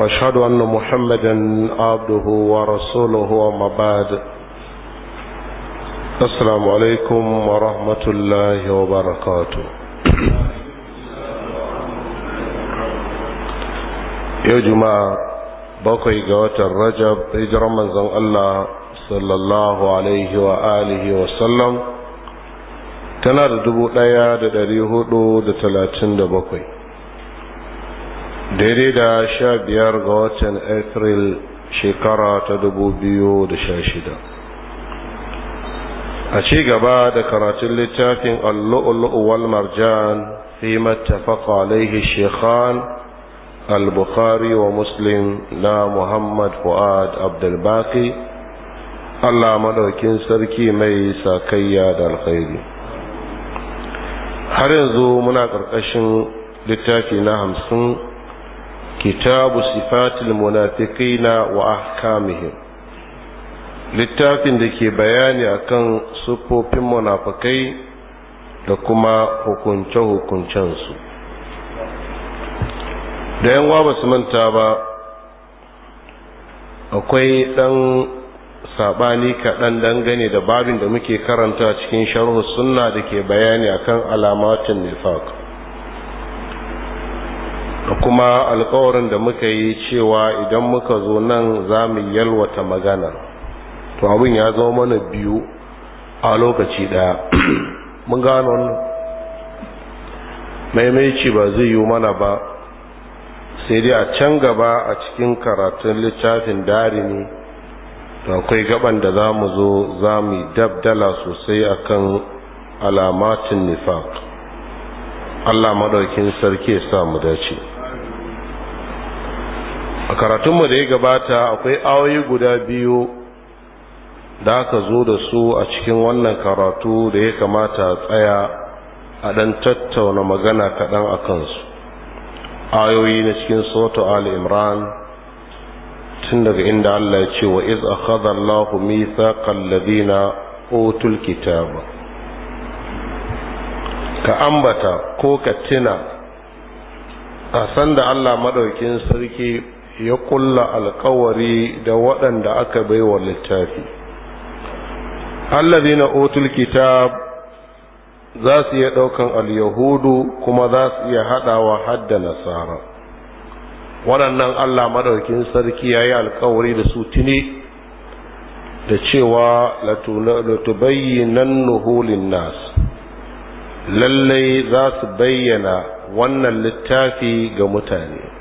واشهد ان محمدا عبده ورسوله وما بعد السلام عليكم ورحمه الله وبركاته يا جماعه bakwai ga watan rajab hijiran manzon Allah sallallahu alaihi wa wa sallam tana da dubu ɗaya da ɗari hudu da talatin da bakwai daidai da sha biyar ga watan april shekara ta dubu biyu da sha shida a ci gaba da karatun littafin allu'ulu'u wal marjan fi mattafaqa alaihi shekhan al-bukhari wa muslim na muhammad fuad abdulbaki allah madaukin sarki mai sakayya da alkhairi har yanzu muna ƙarƙashin littafi na hamsin kitabu sifatil munafiqina wa ahkamihim littafin da ke bayani akan siffofin munafukai da kuma hukunce-hukuncensu da yan ba su manta ba akwai ɗan saɓani kaɗan dangane da babin da muke karanta cikin sharhu sunna da ke bayani akan alamatin nifaq kuma alkawarin da muka yi cewa idan muka zo nan za mu yalwata magana to abin ya zo mana biyu a lokaci ɗaya mun gano maimaici ba zai yi mana ba sai dai a can gaba a cikin karatun littafin dari ne to akwai gaban da za mu zo za mu dabdala sosai akan alamatin nifaq Allah madaukin sarki ya sa mu dace a karatunmu da ya gabata akwai ayoyi guda biyu da aka zo da su a cikin wannan karatu da ya kamata a tsaya a ɗan tattauna magana kaɗan a kansu ayoyi na cikin soto ali imran tun daga inda allah ya ce wa iz a akhadha allahu mithaqal ladina otul kitaba ka ambata ko ka tina a sanda allah maɗaukin sarki ya kulla alkawari da waɗanda aka bai wa littafi allazi na otul kitab za su iya ɗaukan alyahudu kuma za su iya haɗawa hadda nasara waɗannan allah maɗaukin sarki ya yi alkawari da su tuni da cewa latubayyinan nuhulin nas lallai za su bayyana wannan littafi ga mutane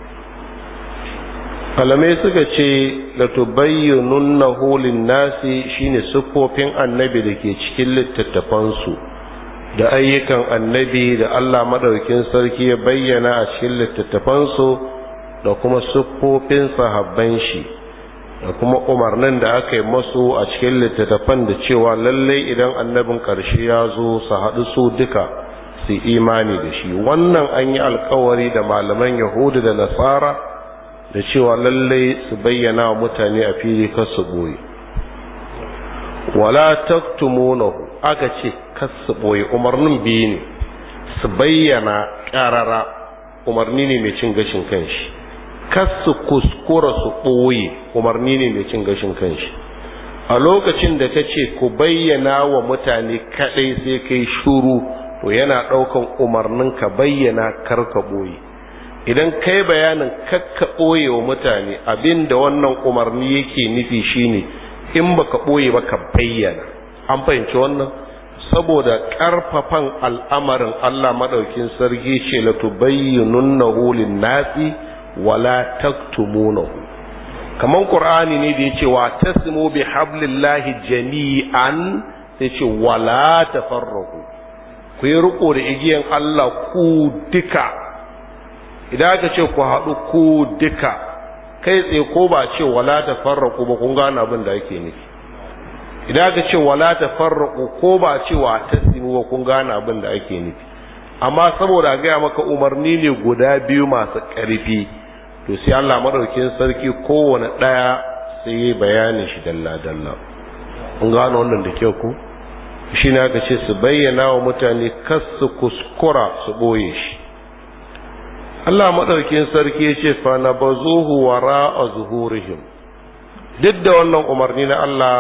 malamai suka ce da tubayyunun na holin nasi shine siffofin annabi da ke cikin littattafansu da ayyukan annabi da allah maɗaukin sarki ya bayyana a cikin littattafansu da kuma siffofin sahabban shi da kuma umarnin da aka yi masu a cikin littattafan da cewa lallai idan annabin ƙarshe ya zo su haɗu su duka su imani da shi wannan an yi alkawari da malaman yahudu da nasara da cewa lallai su bayyana wa mutane a fili kar su boye wala taktumunahu aka ce kar su boye umarnin biyu ne su bayyana ƙarara umarni ne mai cin gashin kanshi kar kuskura su ɓoye umarni ne mai cin gashin kanshi a lokacin da ka ce ku bayyana wa mutane kaɗai sai kai shuru to yana ɗaukan umarnin ka bayyana kar ka boye idan kai bayanin kakka ɓoye wa mutane abin da wannan umarni yake nufi shine in baka ɓoye ba ka bayyana an fahimci wannan saboda ƙarfafan al'amarin Allah maɗaukin sarki ce la tubayyinunnahu hulin nasi wala taktumunahu Kamar ƙur'ani ne da ce wa simo bi hablillahi jami'an ce wala farrahu. ku yi riko da igiyan Allah ku duka idan aka ce ku haɗu ku duka kai tsaye ko ba ce wala ta farraku ba kun gane abin da ake nufi idan aka ce wala ta farraku ko ba ce wa ta ba kun gane abin da ake nufi amma saboda gaya maka umarni ne guda biyu masu ƙarfi to sai Allah madaukin sarki kowane ɗaya sai yi bayanin shi dalla dalla kun gane wannan da kyau ko shi ne aka ce su bayyana wa mutane kas su kuskura su ɓoye shi Allah madaukin sarki ya ce fa na bazuhu wara a zuhurihim duk da wannan umarni na Allah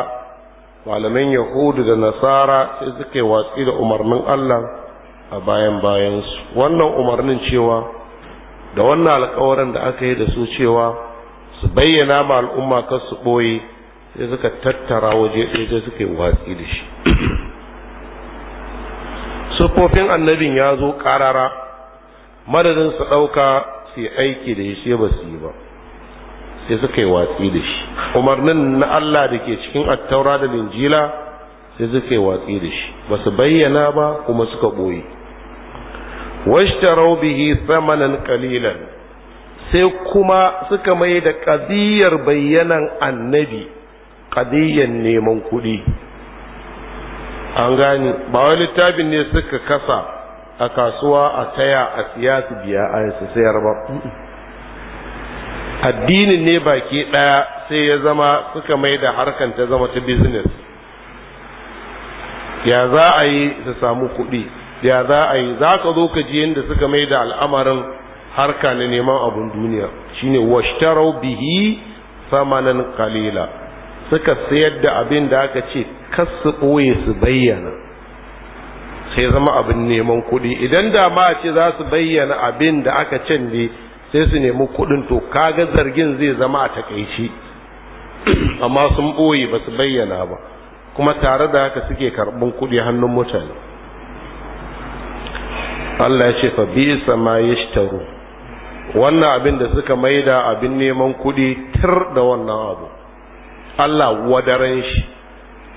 malaman yahudu da nasara sai suke watsi da umarnin Allah a bayan bayan su, wannan umarnin cewa da wannan alkawarin da aka yi da su cewa su bayyana ma al'umma kan su ɓoye sai suka tattara waje ɗaya sai suka watsi da shi sufofin annabin ya zo ƙarara madadin su ɗauka su aiki da shi ba su yi ba sai suka yi watsi da shi umarnin na Allah da ke cikin attaura da linjila sai suka yi watsi da shi ba su bayyana ba kuma suka ɓoye washtarau bihi tsamanin kalilan sai kuma suka mai da ƙadiyar bayyanan annabi ƙadiyar neman kuɗi an gani ba wani littafin ne suka kasa a kasuwa a taya a siya su biya a su sayar ba addinin ne baki ɗaya sai ya zama suka mai da harkan ta zama ta business ya za a yi su samu kuɗi ya za a yi za ka zo ka ji yadda suka mai da al'amarin harka na neman abun duniya shine washtarau bihi samanan kalila suka sayar da abin da aka ce kasu ɓoye su bayyana sai zama abin neman kuɗi idan da ma ce za su bayyana abin da aka canje sai su nemi kuɗin to kaga zargin zai zama a takaici amma sun ɓoye ba su bayyana ba kuma tare da haka suke karɓin kuɗi hannun mutane Allah ya ce fa bi ma yashtaru wannan abin da suka maida abin neman kuɗi tir da wannan abu Allah wadaran shi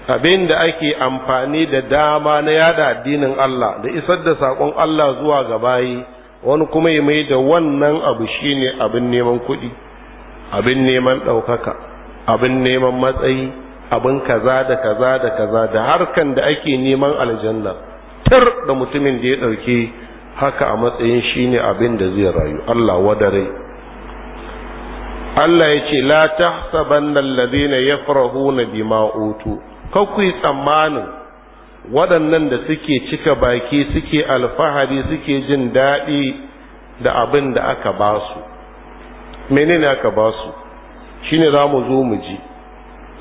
abin da ake amfani da dama na yada addinin Allah da isar da saƙon Allah zuwa ga bayi wani kuma ya mai da wannan abu shine abin neman kuɗi abin neman ɗaukaka abin neman matsayi abin kaza da kaza da kaza da harkan da ake neman aljanna tar da mutumin da ya ɗauki haka a matsayin shine abin da zai rayu Allah wadare Allah ya ce la tahsabanna alladhina yafrahuna bima utu kakwai tsammanin waɗannan da suke cika baki suke alfahari suke jin daɗi da abin da aka ba su menene aka ba su ne za mu zo mu ji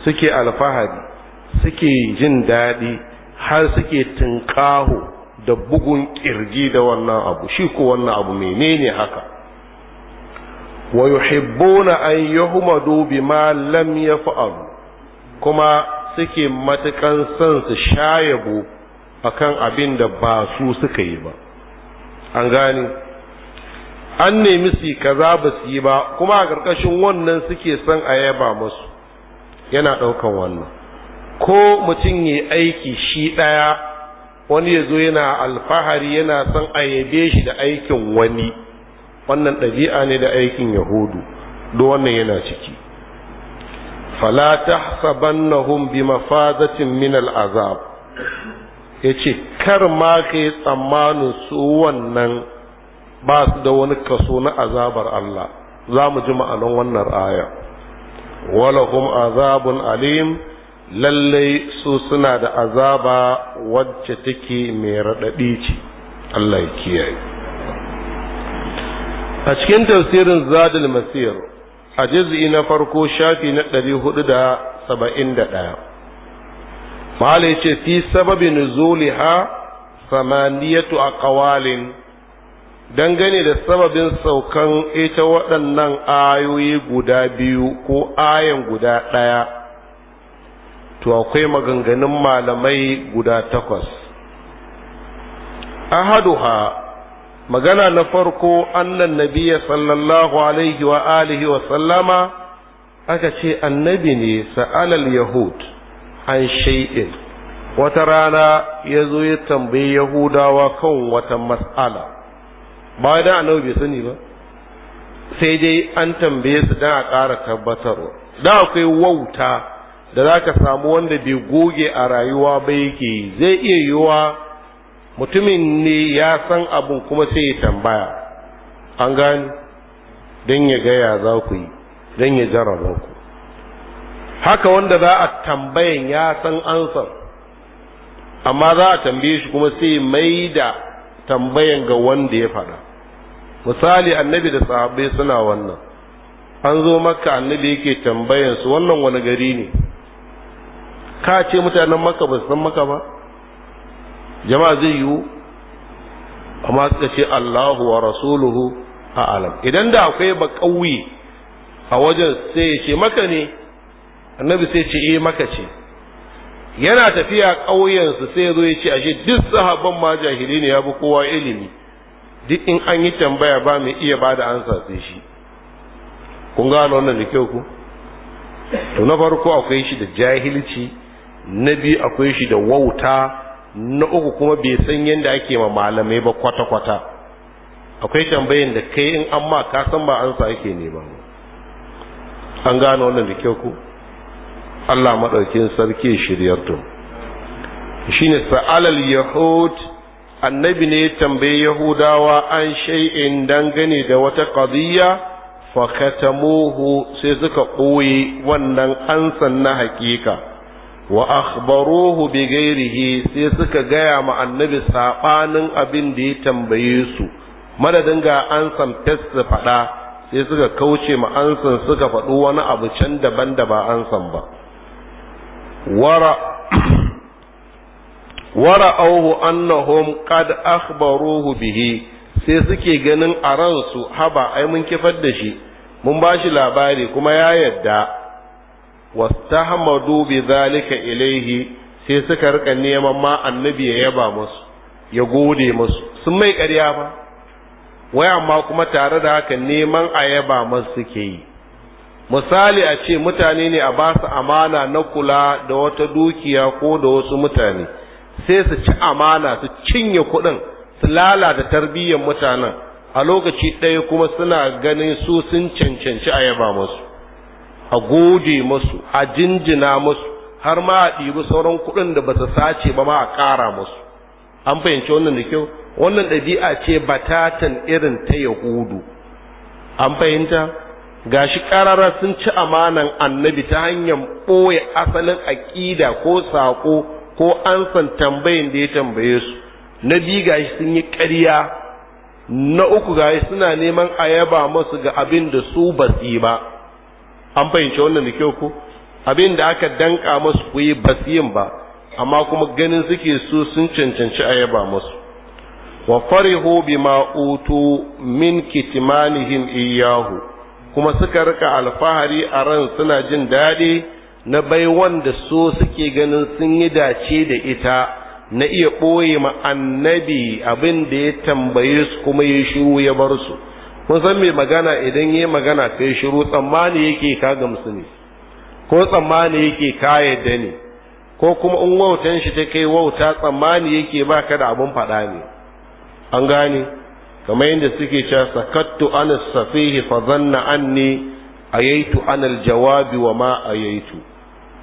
suke alfahari suke jin daɗi har suke tunƙaho da bugun ƙirgi da wannan abu shi ko wannan abu menene haka wa yuhibbuna an yuhmadu bima lam yaf'al kuma suke matukan son su shayabu akan abin da ba su suka yi ba an gane an nemi su kaza ba su yi ba kuma a ƙarƙashin wannan suke son a yaba musu yana ɗaukan wannan ko mutum ya aiki shi ɗaya wani ya zo yana alfahari yana son a yabe shi da aikin wani wannan ɗabi'a ne da aikin yahudu duk wannan yana ciki fala تحسبنهم bimafazatin من العذاب yace kar ma kai tsammanin su wannan ba su da wani kaso na azabar Allah za mu ji ma'anon wannan aya walahum azabun alim lallai su suna da azaba wacce take mai raɗaɗi ce Allah ya kiyaye a cikin tafsirin zadul masir a juz'i na farko shafi na ɗari hudu da saba'in da ɗaya mahala ya ce fi sababi nuzuliha samaniyatu a ƙawalin dangane da sababin saukan ita waɗannan ayoyi guda biyu ko ayan guda ɗaya to akwai maganganun malamai guda takwas ahaduha magana na farko annan nabiya sallallahu alaihi wa alihi wa sallama aka ce annabi ne sa'alal yahud an shay'in wata rana ya zo ya tambayi yahudawa kan wata mas'ala ba da annabi bai sani ba sai dai an tambaye su dan a ƙara tabbatarwa da akwai wauta da za ka samu wanda bai goge a rayuwa ba yake zai iya yiwuwa mutumin ne ya san abun kuma sai ya tambaya an gani don ya gaya za ku yi don ya jarraba ku haka wanda za a tambayan ya san ansan amma za a tambaye shi kuma sai mai da tambayan ga wanda ya faɗa misali annabi da sahabbai suna wannan an zo maka annabi yake tambayan wannan wani gari ne ka ce mutanen maka ba san maka ba jama'a zai yiwu amma suka ce Allahu wa rasuluhu a alam idan da akwai ba ƙauye a wajen sai ya ce maka ne annabi sai ce eh maka ce yana tafiya su sai ya zo ya ce ashe duk sahabban ma jahili ne ya bi kowa ilimi duk in an yi tambaya ba mai iya ba da ansa sai shi kun gano wannan da kyau ku to na farko akwai shi da jahilci na biyu akwai shi da wauta na uku kuma bai san yadda ake ma malamai ba kwata-kwata akwai tambayin da kai in an ma ka san ba an sa ake nema an gano wannan da kyau ku Allah maɗaukin sarki shirya tun shi ne sa'alal yahud annabi ne tambayi yahudawa an shaiin dangane da wata fa katamuhu sai suka ɓoye wannan ansan na hakika wa akhbaruhu bi ghairihi sai suka gaya ma annabi sabanin abin da ya tambaye su madadin ga an san fes faɗa sai suka kauce ma an san suka faɗo wani abu can daban da ba san ba wara wara auhu annahum qad akhbaruhu bihi sai suke ganin a ransu haba ai mun kifar da shi mun bashi labari kuma ya yadda wastahmadu bi zalika ilaihi sai suka rika neman ma annabi ya yaba musu ya gode musu sun mai ƙarya ba wai amma kuma tare da haka neman a yaba musu suke yi misali a ce mutane ne a ba su amana na kula da wata dukiya ko da wasu mutane sai su ci amana su cinye kuɗin su lalata tarbiyyar mutanen a lokaci ɗaya kuma suna ganin su sun cancanci a yaba musu a gode masu, a jinjina masu, har ma a ɗibi sauran kuɗin da ba su sace ba ma a ƙara musu an fahimci wannan da kyau wannan ɗabi'a ce batatan irin ta yahudu an fahimta gashi ƙarara sun ci amanan annabi ta hanyar ɓoye asalin aƙida ko saƙo ko ansan tambayin da ya tambaye su na biyu gashi sun yi ƙarya na uku gashi suna neman a yaba musu ga abin da su ba yi ba an fahimci wannan da kyau ko abin da aka danka masu ku yi basiyin ba amma kuma ganin suke so sun cancanci a yaba masu wa farihu bima utu min kitmanihim iyahu kuma suka rika alfahari a ran suna jin daɗi na bai wanda so suke ganin sun yi dace da ita na iya ɓoye ma annabi abin da ya tambaye su kuma ya shiru ya bar su kun san mai magana idan yi magana kai shiru tsammani yake ka gamsu ne ko tsammani yake ka yadda ne ko kuma in wautan shi ta kai wauta tsammani yake ba ka da abin faɗa ne an gane kamar yadda suke cewa sakattu an safihi fa zanna anni ayaitu an aljawabi wa ma ayaitu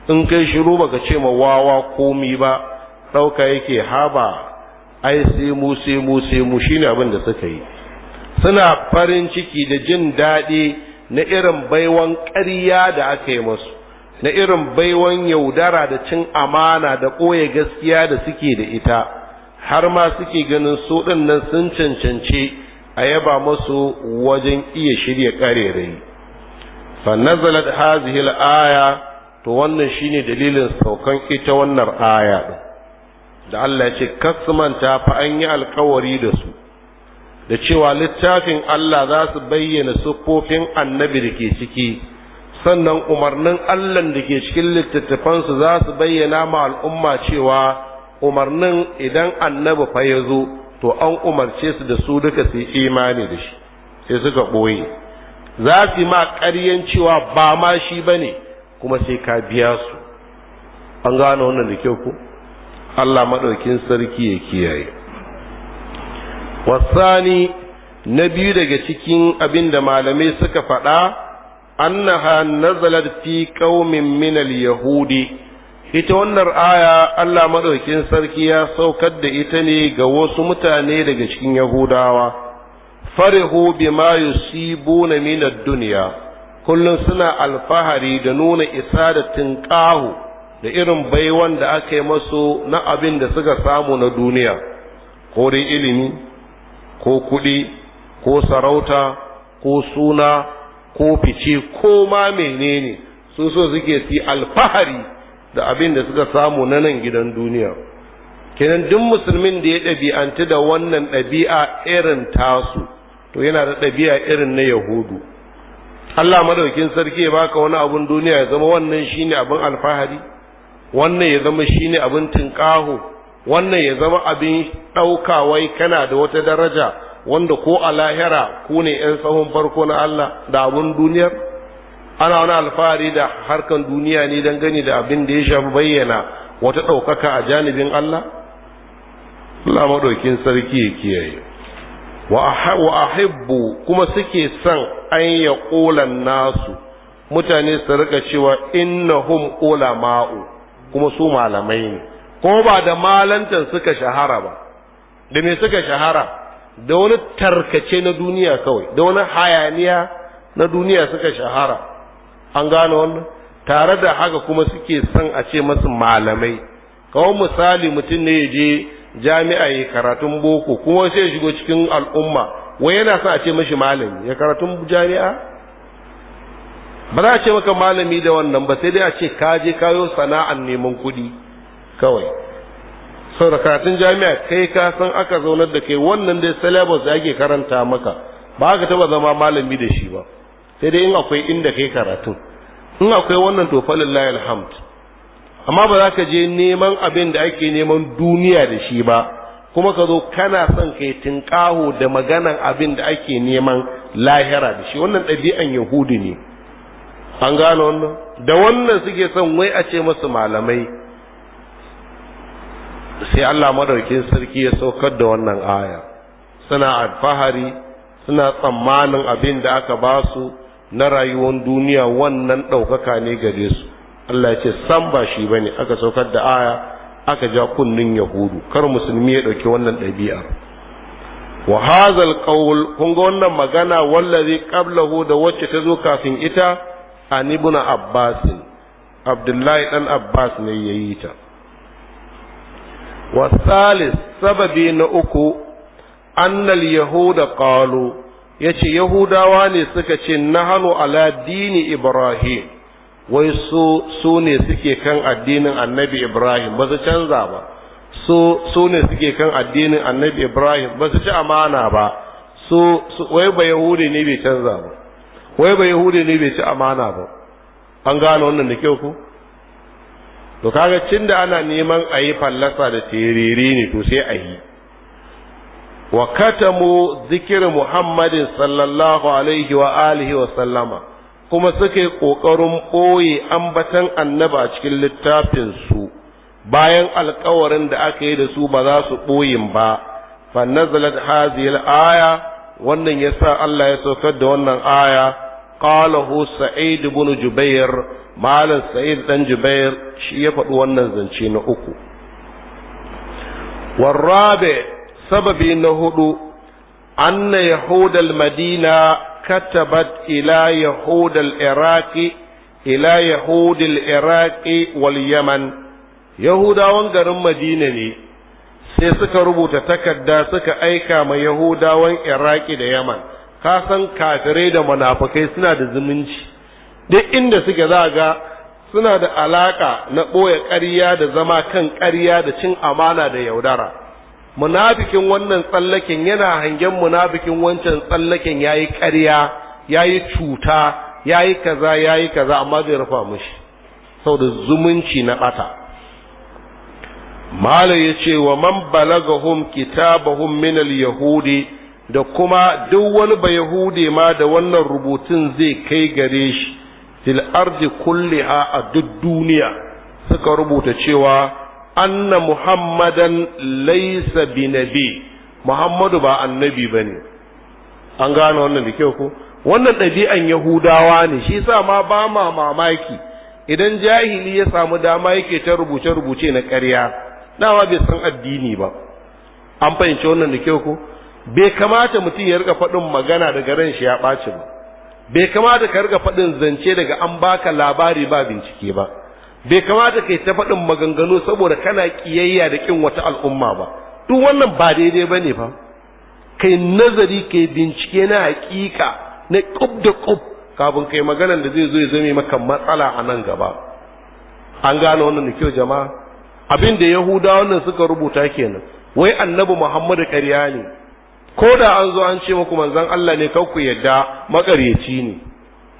in kai shiru baka ce ma wawa komi ba ɗauka yake haba ai sai mu sai mu sai mu shine abin da suka yi suna farin ciki da jin daɗi na irin baiwan ƙarya da aka yi masu na irin baiwan yaudara da cin amana da ɓoye gaskiya da suke da ita har ma suke ganin su nan sun cancance a yaba masu wajen iya shirya ƙarerai fa nazalat aya to wannan shine dalilin saukan ita wannan aya da Allah ya ce kasmanta fa an yi alkawari da su da cewa littafin Allah za su bayyana siffofin annabi da ke ciki sannan umarnin Allah da ke cikin littattafansu za su bayyana ma al'umma cewa umarnin idan annabi fa ya zo to an umarce su da su duka su yi imani da shi sai suka ɓoye za su ma ƙaryan cewa ba ma shi ba ne kuma sai ka biya su an gano wannan da kyau ko Allah maɗaukin sarki ya kiyaye wasani na biyu daga cikin abin da malamai suka faɗa annaha nazalat fi qaumin min yahudi ita wannan aya Allah madaukin sarki ya saukar da ita ne ga wasu mutane daga cikin yahudawa farihu bima yusibuna min ad duniya, kullum suna alfahari da nuna isa da tinqahu da irin baiwan da aka yi masu na abin da suka samu na duniya ko dai ilimi ko kuɗi ko sarauta ko suna ko fice ko ma menene su so suke su alfahari da abin da suka samu na nan gidan duniya kenan duk musulmin da ya ɗabi'anci da wannan ɗabi'a irin tasu to yana da ɗabi'a irin na yahudu Allah madaukin sarki ya baka wani abun duniya ya zama wannan shine abin alfahari wannan ya zama shine abin tinkaho wannan ya zama abin ɗaukawai kana da wata daraja wanda ko a lahira ku ne ‘yan tsawon farko na Allah da abin duniyar ana wani alfahari da harkan duniya ne don gani da abin da ya shafi bayyana wata ɗaukaka a janibin Allah Allah maɗaukin sarki ya kiyaye wa a haibu kuma suke son an ya ƙolan nasu mutane su rika cewa ƙola ma'u? kuma su malamai ne ko ba da malantan suka shahara ba da me suka shahara da wani tarkace na duniya kawai da wani hayaniya na duniya suka shahara an gano wannan tare da haka kuma suke son a ce masu malamai kawai misali mutum ne ya je jami'a ya karatun boko kuma sai ya shigo cikin al'umma wai yana son a ce mashi malami ya karatun jami'a ba za a ce maka malami da wannan ba sai dai a ce ka je kayo sana'an neman kuɗi kawai da karatun jami'a kai ka san aka zaunar da kai wannan dai syllabus da ake karanta maka ba ka taba zama malami da shi ba sai dai in akwai inda kai karatun in akwai wannan to lillahi alhamd amma ba za ka je neman abin da ake neman duniya da shi ba kuma ka zo kana son kai tinƙaho da maganan abin da ake neman lahira da shi wannan ɗabi'an yahudi ne an gano wannan da wannan suke son wai a ce masu malamai sai Allah madaukin sarki ya saukar da wannan aya suna alfahari suna tsammanin abin da aka ba su na rayuwar duniya wannan ɗaukaka ne gare su Allah ya ce san ba shi bane aka saukar da aya aka ja kunnin yahudu kar musulmi ya ɗauki wannan ɗabi'a wa hazal qawl kun ga wannan magana wallazi qablahu da wacce ta zo kafin ita an ibn abbas abdullahi dan abbas ne yayi ta والثالث salis sababi na uku annal yahuda qalu yace yahudawa ne suka ce nahanu ala dini ibrahim wai su su suke kan addinin annabi ibrahim ba su canza ba su suke kan addinin annabi ibrahim ba su ci amana ba su wai ba yahudi ne bai canza ba wai ba yahudi ne bai ci amana ba an gane wannan da kyau ku to kaga cin da ana neman a yi fallasa da terere ne to sai a yi wa katamu zikir muhammadin sallallahu alaihi wa alihi wa sallama kuma suka yi ƙoƙarin ɓoye ambatan annaba a cikin littafinsu bayan alkawarin da aka yi da su ba za su ɓoyin ba fa nazalat hazihil aya wannan yasa Allah ya saukar da wannan aya qalahu sa'id ibn jubair malam sa'id dan jubair shi ya faɗi wannan zance na uku warrabe sababi na hudu anna yahudal madina katabat ila Yahudal al-iraqi ila Yahudal iraqi wal yaman yahudawan garin madina ne sai suka rubuta takarda suka aika ma yahudawan iraki da yaman ka san kafirai da munafukai suna da zumunci duk inda suke za ga suna da alaka na ɓoye ƙarya da zama kan ƙarya da cin amana da yaudara munafikin wannan tsallaken yana hangen munafikin wancan tsallaken yayi ƙarya yayi cuta yayi kaza yayi kaza amma zai rufa mushi saboda zumunci na bata ya yace wa man balagahum kitabahum min al-yahudi da kuma duk wani bayahude ma da wannan rubutun zai kai gare shi fil ardi kulliha a duk duniya suka rubuta cewa anna muhammadan laysa binabi muhammadu ba annabi bane an gane wannan da kyau ko wannan ɗabi'an yahudawa ne shi sa ma ba ma mamaki idan jahili ya samu dama yake ta rubuce-rubuce na ƙarya dama bai san addini ba an fahimci wannan da kyau ko bai kamata mutum ya rika faɗin magana daga ran shi ya ɓaci ba bai kamata ka rika faɗin zance daga an baka labari ba bincike ba bai kamata kai ta faɗin maganganu saboda kana ƙiyayya da ƙin wata al'umma ba duk wannan ba daidai ba ne fa kai nazari kai bincike na haƙiƙa na ƙub da ƙub kafin kai maganan da zai zo ya zame maka matsala a nan gaba an gane wannan da kyau jama'a abin da yahudawa wannan suka rubuta kenan wai annabi muhammadu ƙarya ne ko da an zo an ce muku manzan Allah ne kar ku yadda makaryaci ne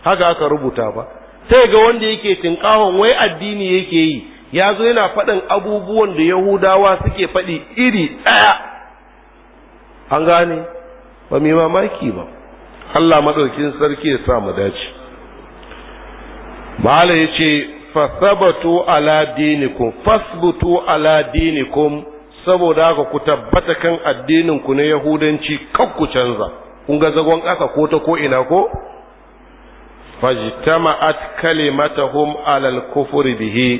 haka aka rubuta ba sai ga wanda yake tinkahon wai addini yake yi ya zo yana faɗin abubuwan da yahudawa suke faɗi iri ɗaya an gane ba mai mamaki ba Allah maɗaukin sarki ya sa mu dace Mahala ya ce fasabatu ala dinikum fasbutu ala dinikum saboda haka ku tabbata kan addinin ku na yahudanci kan ku canza kun ga zagon ƙasa ko ta ko ina ko fajtama'at kalimatahum alal kufri bihi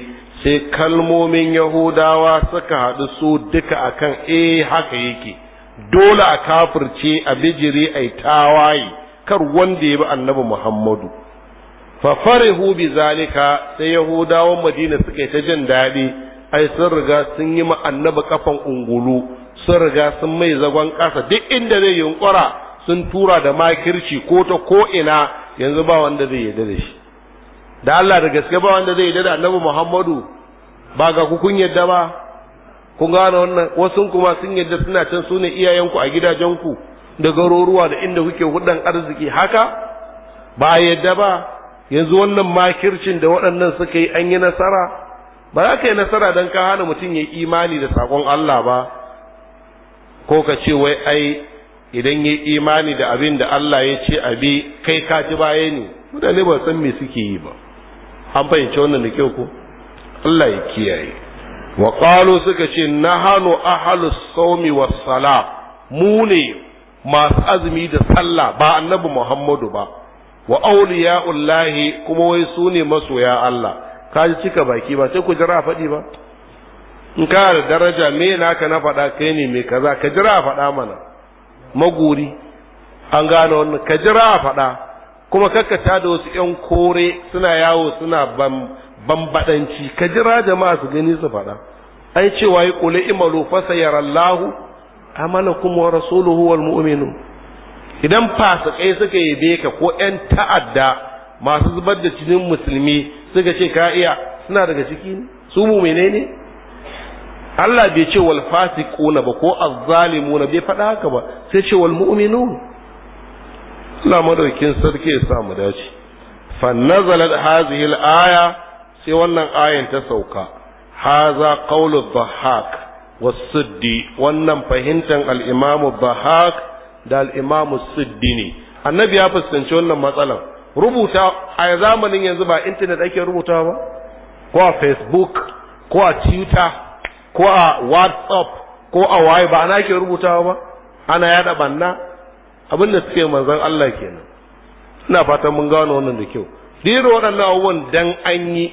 sai kalmomin yahudawa suka haɗu su duka akan eh haka yake dole a kafirce a bijiri a tawaye kar wanda ya annabi muhammadu fa farihu bi zalika sai yahudawan madina suka yi ta jin daɗi ai sun riga sun yi ma kafan ungulu sun riga sun mai zagon ƙasa duk inda zai yunkura sun tura da makirci ko ta ko ina yanzu ba wanda zai yadda da shi da Allah da gaske ba wanda zai yadda da annabi Muhammadu ba ga ku kun yadda ba kun gane wannan wasu kuma sun yadda suna can su ne iyayenku a gidajenku da garuruwa da inda kuke hudan arziki haka ba yadda ba yanzu wannan makircin da waɗannan suka yi an yi nasara ba za ka yi nasara don ka hana mutum ya imani da saƙon Allah ba ko ka ce wai ai idan ya imani da abin da Allah ya ce abi kai ka ci baya ne mutane ba san me suke yi ba an fahimci wannan da kyau ko Allah ya kiyaye wa qalu suka ce nahanu ahlus sawmi was sala mu ne masu azumi da sallah ba annabi Muhammadu ba wa awliya'ullahi kuma wai su ne masoya Allah ka ji cika baki ba sai ku jira a faɗi ba in ka da daraja me naka na faɗa kai ne mai kaza ka jira a faɗa mana maguri an gane wannan ka jira a faɗa kuma kakkata da wasu ƴan kore suna yawo suna bambaɗanci ka jira jama'a su gani su faɗa ai cewa yi kule imalu fa sayarallahu amalakum wa rasuluhu wal mu'minun idan fasikai suka yabe ka ko ƴan ta'adda masu zubar da jinin musulmi suka ce ka iya suna daga ciki ne su mu menene Allah bai ce wal fasiquna ba ko az-zalimuna bai faɗa haka ba sai ce wal mu'minun Allah madaukin sarki ya sa mu dace fa nazalat hadhihi al aya sai wannan ayan ta sauka haza qawlu dhahak was-siddi wannan fahimtan al-imam dhahak da al-imam siddi ne annabi ya fuskanci wannan matsalan rubuta a zamanin yanzu ba intanet ake rubuta ba ko a facebook ko a twitter ko a whatsapp ko a waye ba ana ke rubuta ba ana yada banna abin da suke manzon Allah kenan ina fatan mun gano wannan da kyau dira waɗannan abubuwan dan an yi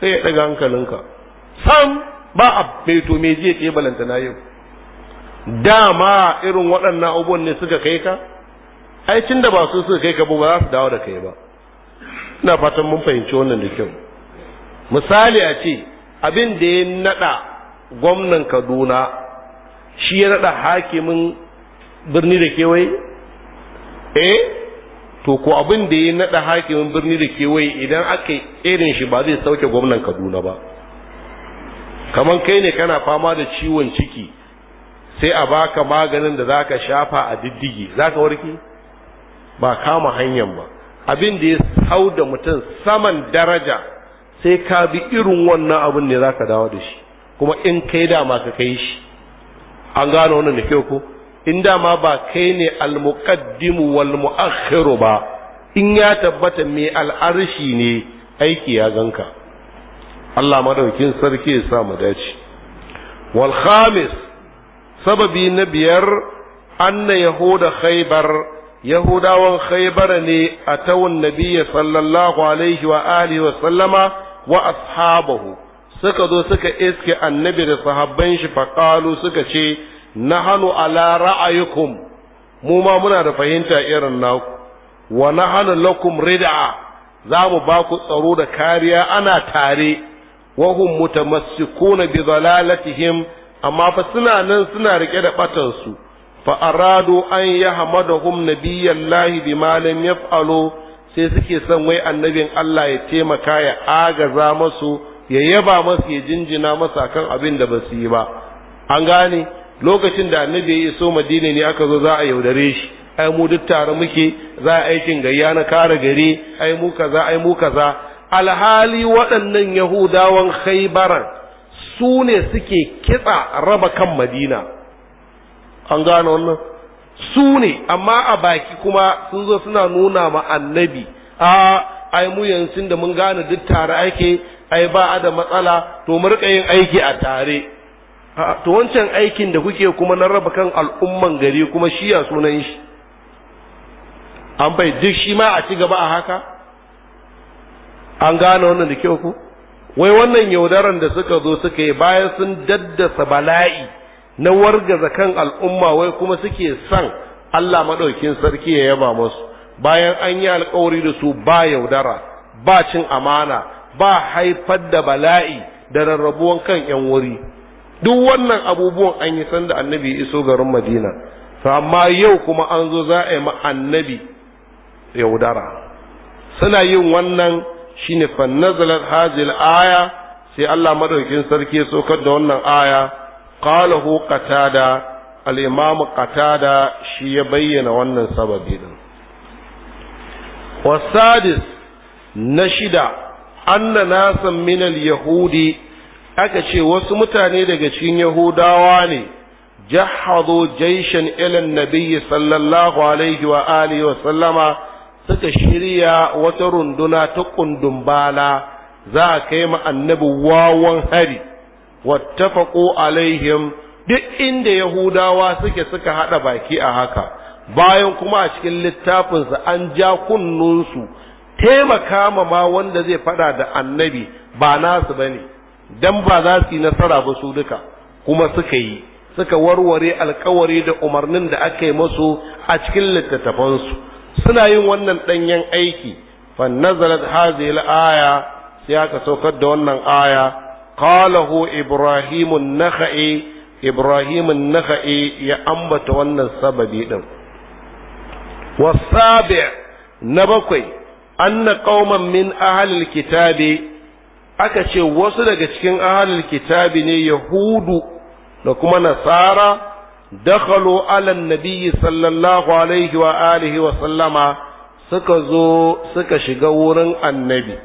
kai ya ɗaga hankalinka sam ba a beto me je ke balanta na yau dama irin waɗannan abubuwan ne suka kai ka ai da ba su suka kai ka ba za su dawo da kai ba ina fatan mun fahimci wannan da kyau misali a ce abin da ya nada gwamnan kaduna shi ya nada hakimin birni da kewaye eh to ko abin da ya naɗa hakimin birni da kewaye idan aka irin shi ba zai sauke gwamnan kaduna ba kamar kai ne kana fama da ciwon ciki sai a baka maganin da zaka shafa a diddigi zaka warke ba kama hanyar ba abin da ya hau da mutum saman daraja sai ka bi irin wannan abin ne za ka dawo da shi kuma in kai dama ka kai shi an gano wannan da kyau ko in dama ba kai ne almuqaddimu wal mu'akhiru ba in ya tabbata mai al'arshi ne aiki ya ganka Allah madaukin sarki ya sa mu dace wal khamis sababi na biyar anna yahuda khaybar yahudawan khaybara ne a tawun nabiyyi sallallahu alaihi wa alihi wa sallama wa ashabahu suka zo suka iske annabi da sahabban shi faqalu suka ce nahanu ala ra'ayikum mu ma muna da fahimta irin naku wa nahanu lakum rid'a za mu ba ku tsaro da kariya ana tare wa hum mutamassikuna bi dalalatihim amma fa suna nan suna rike da batansu su fa aradu an yahmadahum nabiyallahi bima lam yaf'alu sai suke son wai annabin Allah ya taimaka ya agaza masu ya yaba masu ya jinjina masu kan abin da ba su yi ba an gane lokacin da annabi ya iso madina ne aka zo za a yaudare shi ai mu duk tare muke za a aikin gayya na kare gari ai mu kaza ai mu kaza alhali waɗannan yahudawan khaybaran su ne suke kitsa raba kan madina an gane wannan su ne amma a baki kuma sun zo suna nuna ma annabi a ai mu yanzu da mun gane duk tare ake ai ba a da matsala to mu rika yin aiki a tare to wancan aikin da kuke kuma na raba kan al'umman gari kuma shi ya sunan shi an bai duk shi ma a ci gaba a haka an gane wannan da kyau ku wai wannan yaudaran da suka zo suka yi bayan sun daddasa bala'i na wargaza kan al'umma wai kuma suke san Allah maɗaukin sarki ya yaba musu bayan an yi alkawari da su ba yaudara ba cin amana ba haifar da bala'i da rarrabuwan kan yan wuri duk wannan abubuwan an yi san da annabi ya iso garin madina to amma yau kuma an zo za a yi annabi yaudara suna yin wannan shine fa nazalat hadhihi aya sai Allah maɗaukin sarki ya saukar da wannan aya qala hu qatada al-imam shi ya bayyana wannan sababin. din wasadis na shida anna nasan yahudi aka ce wasu mutane daga cikin yahudawa ne jahadu jaishan ila nabiyyi sallallahu alaihi wa alihi wa suka shirya wata runduna ta ƙundunbala, za a kai ma annabi wawan hari wattafaqu alaihim duk inda yahudawa suke suka hada baki a haka bayan kuma a cikin littafinsa an ja kunnunsu taimaka ma ma wanda zai fada da annabi ba nasu bane dan ba za su yi nasara ba su duka kuma suka yi suka warware alkawari da umarnin da aka yi masu a cikin littattafansu suna yin wannan ɗanyen aiki fa nazalat hadhihi aya sai aka saukar da wannan aya qalahu ibrahim an-nakhai ibrahim an-nakhai ya ambata wannan sababi ɗin. wasabi na bakwai anna qauman min ahlil kitabi aka ce wasu daga cikin ahlil kitabi ne yahudu da kuma nasara dakhalu ala nabiyyi sallallahu alaihi wa alihi wa sallama suka shiga wurin annabi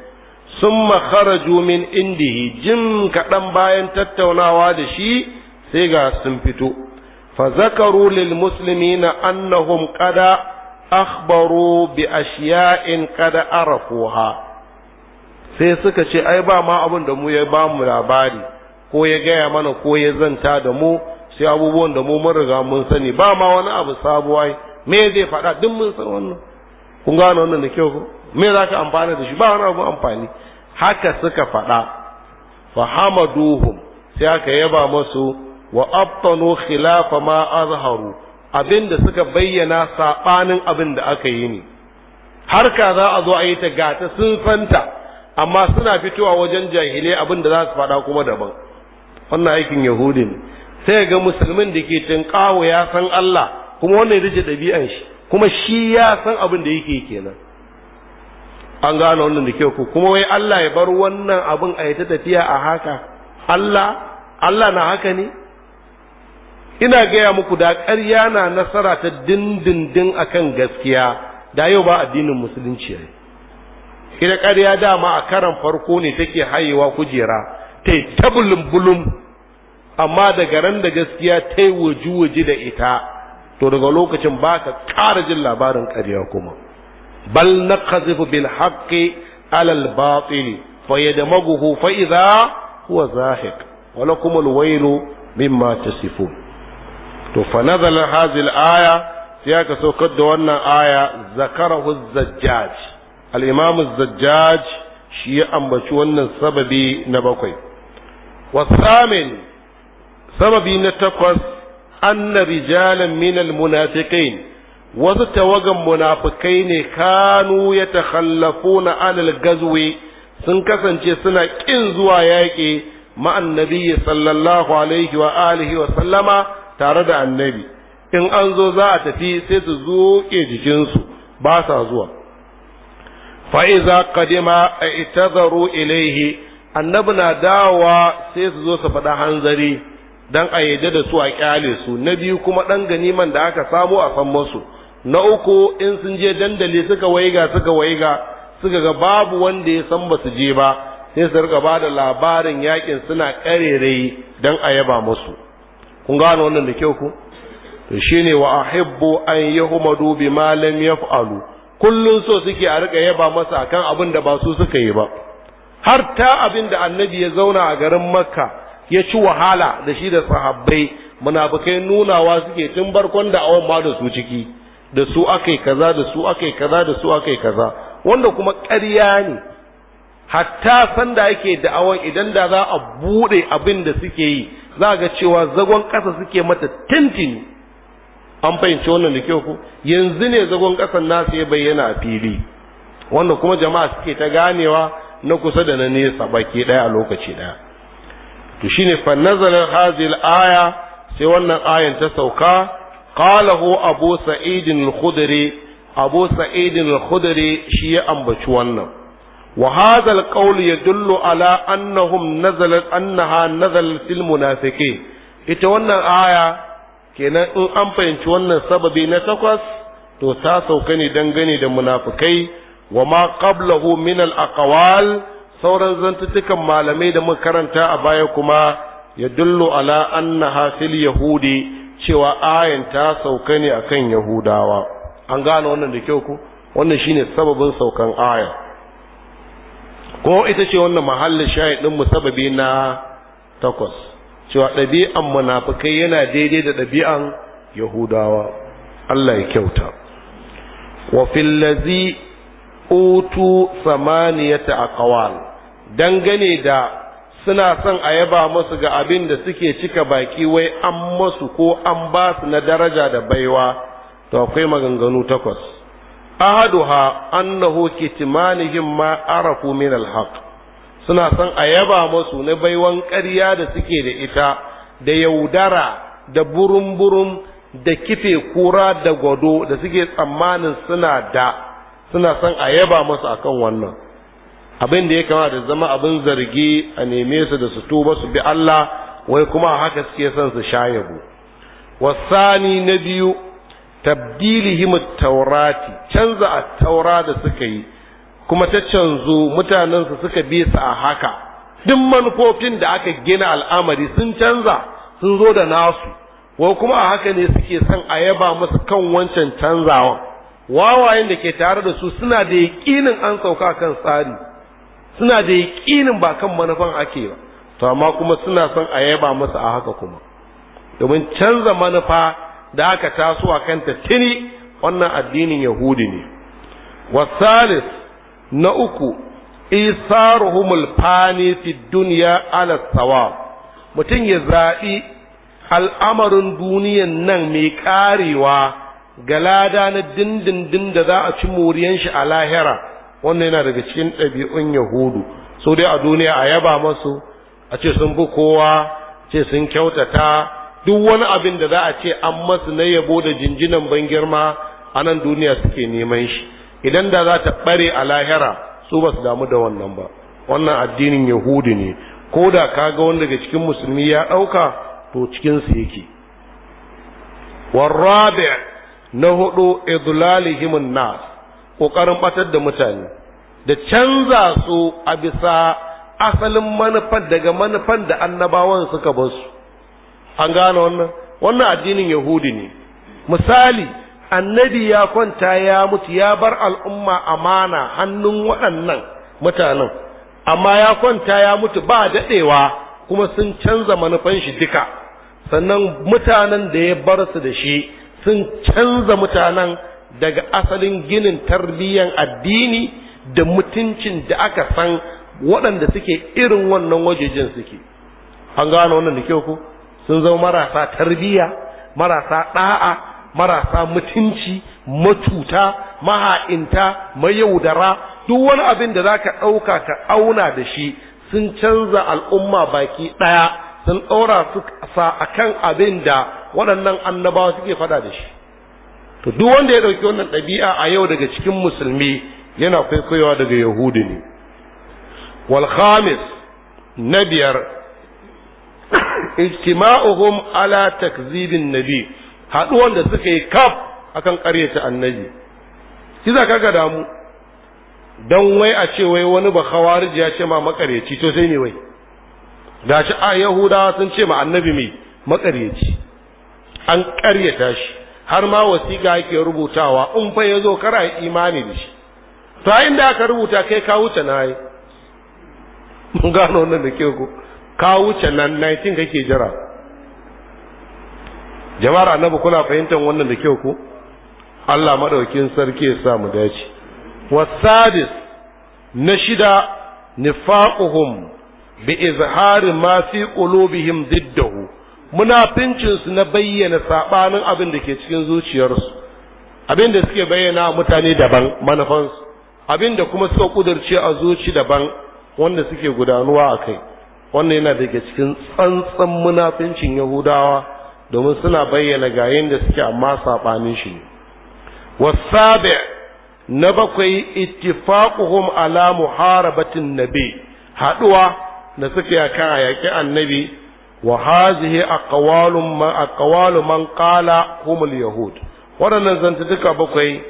Sun kharaju min indihi jin kaɗan bayan tattaunawa da shi sai ga sun fito fa zakaru lil na annahum qada akhbaru bi ashiya'in qad arafuha sai suka ce ai ba ma abin da mu ya ba mu labari ko ya gaya mana ko ya zanta da mu sai abubuwan da mu mun riga mun sani ba ma wani abu sabuwa me zai faɗa duk mun san wannan kun gane wannan da kyau ko me za ka amfana da shi ba wani abu amfani haka suka faɗa hamaduhum sai aka yaba masu wa abtanu khilafa ma azharu abinda suka bayyana sabanin abin da aka yi ne ka za a zo a yi ta gata sun fanta amma suna fitowa wajen jahilai abin da za su faɗa kuma daban wannan aikin yahudi ne sai ga musulmin da ke tinkawo ya san Allah kuma wannan ya rije ɗabi'an shi kuma shi ya san abin da yake kenan an gane wannan da kyau kuma wai Allah ya bar wannan abin a ta tafiya a haka Allah Allah na haka ne ina gaya muku da ƙarya na nasara ta dindindin akan gaskiya da yau ba addinin musulunci ne ita ƙarya dama a karan farko ne take hayewa kujera ta yi bulum amma daga ran da gaskiya ta yi waje-waje da ita to daga lokacin ba ka ƙara jin labarin ƙarya kuma بل نقذف بالحق على الباطل فيدمغه فإذا هو زاهق ولكم الويل مما تصفون فنزل هذه الآية سياك سوكد وانا آية ذكره الزجاج الإمام الزجاج شيء أمبش وانا السبب نبقي والثامن سبب نتقص أن رجالا من المنافقين wasu tawagan munafukai ne kanu ya na alal gazwe sun kasance suna ƙin zuwa yaƙi ma'annabi ya sallallahu alaihi wa alihi wa sallama tare da annabi in an zo za a tafi sai su zuƙe jikinsu ba sa zuwa fa'iza kadima a zaro ilaihi annabi na dawowa sai su zo su faɗa hanzari don a yadda da su a ƙyale su na biyu kuma ɗan ganiman da aka samu a san masu na uku in sun je dandali suka waiga suka waiga suka ga babu wanda ya san basu je ba sai su rika ba da labarin yakin suna karerai don a yaba musu kun gano wannan da kyau ku to shine wa ahibbu an yahmadu bima lam yaf'alu kullun so suke a rika yaba masa akan abin da ba su suka yi ba har ta abin da annabi ya zauna a garin makka ya ci wahala da shi da sahabbai munafikai nunawa suke tun barkon da awon ma da su ciki da su akai kaza da su akai kaza da su akai kaza wanda kuma ƙarya ne hatta sanda ake da'awan idan da za a bude abin da suke yi za ga cewa zagon kasa suke mata tintin an fahimci wannan da kyau ko yanzu ne zagon ƙasan nasu ya bayyana a fili wanda kuma jama'a suke ta ganewa na kusa da na nesa baki ɗaya a lokaci ɗaya to shine fa nazala hazil aya sai wannan ayan ta sauka qalahu abu sa'id khudri abu sa'id khudri shi ya ambaci wannan wa hadha al-qawl yadullu ala annahum nazalat annaha fil ita wannan aya kenan in an fahimci wannan sababi na takwas to ta sauka ne dangane da munafukai? wa ma qablahu min al-aqwal sauran zantutukan malamai da muka karanta a baya kuma yadullu ala annaha fil yahudi cewa ayan ta sauka ne akan yahudawa an gane wannan da kyau ku wannan shine sababin saukan ayan ko ita ce wannan mahallin shahidin mu sababi na takwas cewa ɗabi'an munafikai yana daidai da ɗabi'an yahudawa Allah ya kyauta wa fillazi utu samaniyata aqwal dangane da suna son a yaba musu ga abin da suke cika baki wai an masu ko an ba su na daraja da baiwa to akwai maganganu takwas ahaduha annahu kitmanihim ma arafu min alhaq suna son a yaba musu na baiwan ƙarya da suke da ita da yaudara da burumburum da kife kura da gwado da suke tsammanin suna da suna son a yaba musu akan wannan abin da ya kama da zama abin zargi a neme su da su tuba su bi Allah wai kuma haka suke son su shayabu wasani na biyu tabdilihim taurati canza a taura da suka yi kuma ta canzu mutanensu suka bi su a haka duk manufofin da aka gina al'amari sun canza sun zo da nasu wai kuma a haka ne suke son a yaba musu kan wancan canzawa wawayen da ke tare da su suna da yaƙinin an sauka kan tsari suna da yaƙinin ba kan manufan ake ba to amma kuma suna son a yaba masa a haka kuma domin canza manufa da aka taso a kanta tuni wannan addinin yahudi ne wasalis na uku isaruhumul fani fi duniya ala sawab mutum ya zaɓi al'amarin duniyan nan mai karewa ga lada na dindindin da za a ci moriyan shi a lahira wannan yana daga cikin ɗabi'un yahudu So dai a duniya a yaba masu a ce sun bi kowa ce sun kyautata duk wani abin da za a ce an masu na yabo da jinjinan ban girma a nan duniya suke neman shi idan da za ta ɓare a lahira su ba su damu da wannan ba wannan addinin yahudu ne ko da ka ga wani daga cikin musulmi ya ɗauka to cikinsu yake warrabe na hudu idlalihim nas ƙoƙarin batar da mutane da canza su a bisa asalin manufan daga manufan da annabawan suka bar su an gane wannan wannan addinin yahudi ne misali annabi ya kwanta ya mutu ya bar al'umma amana hannun waɗannan mutanen amma ya kwanta ya mutu ba daɗewa kuma sun canza manufan shi duka sannan mutanen da ya bar su da shi sun canza mutanen daga asalin ginin tarbiyyan addini da mutuncin da aka san waɗanda suke irin wannan wajejen suke an gano wannan da kyau ko sun zama marasa tarbiyya marasa ɗa'a marasa mutunci matuta maha'inta mayaudara duk wani abin da za ka ɗauka ka auna da shi sun canza al'umma baki ɗaya sun ɗora su a akan abin da waɗannan annabawa suke faɗa da shi to duk wanda ya ɗauki wannan ɗabi'a a yau daga cikin musulmi yana kwaikwayowa daga yahudi ne wal khamis na biyar ijtima'uhum ala takzibin nabi haɗuwan da suka yi kaf akan ƙaryata annabi kiza kaga damu don wai a ce wai wani ba khawarij ya ce ma makaryaci to sai ne wai gashi a yahudawa sun ce ma annabi mai makaryaci an ƙaryata shi har ma wasiƙa yake rubutawa in fa ya zo kara imani da shi to a inda aka rubuta kai ka wuce na yi mun gano wannan da ke ku ka wuce nan 19 kake jira jama'ar annabi kuna fahimtar wannan da kyau ku Allah madaukin sarki ya sa mu dace wasadis na shida nifaquhum bi izhari ma fi qulubihim diddahu munafincinsu na bayyana saɓanin abin da ke cikin zuciyarsu abin da suke bayyana mutane daban manufansu abin da kuma suka kudurce a zuci daban wanda suke gudanuwa a kai wannan yana daga cikin tsantsan munafincin yahudawa domin suna bayyana ga da suke amma saɓanin shi ne Wasabe na bakwai ittifaquhum ala muharabatin nabi haɗuwa da suke akan a yaƙi annabi wa a aqwalun ma aqwalu man qala humul yahud waɗannan zantutuka bakwai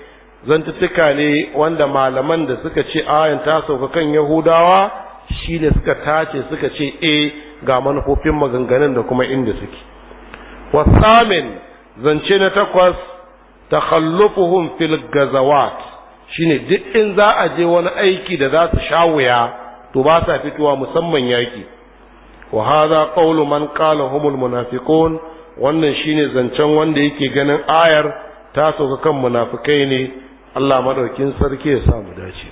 zantutuka ne wanda malaman da suka ce ayan ta sauka kan yahudawa shine suka tace suka ce eh ga manufofin maganganun da kuma inda suke wasamin zance na takwas takhallufuhum fil gazawa shine duk in za a je wani aiki da za su shawuya to ba sa fitowa musamman yaki wa hadha qawlu man qala humul munafiqun wannan shine zancen wanda yake ganin ayar ta sauka kan munafikai ne Allah madaukin sarki ya samu dace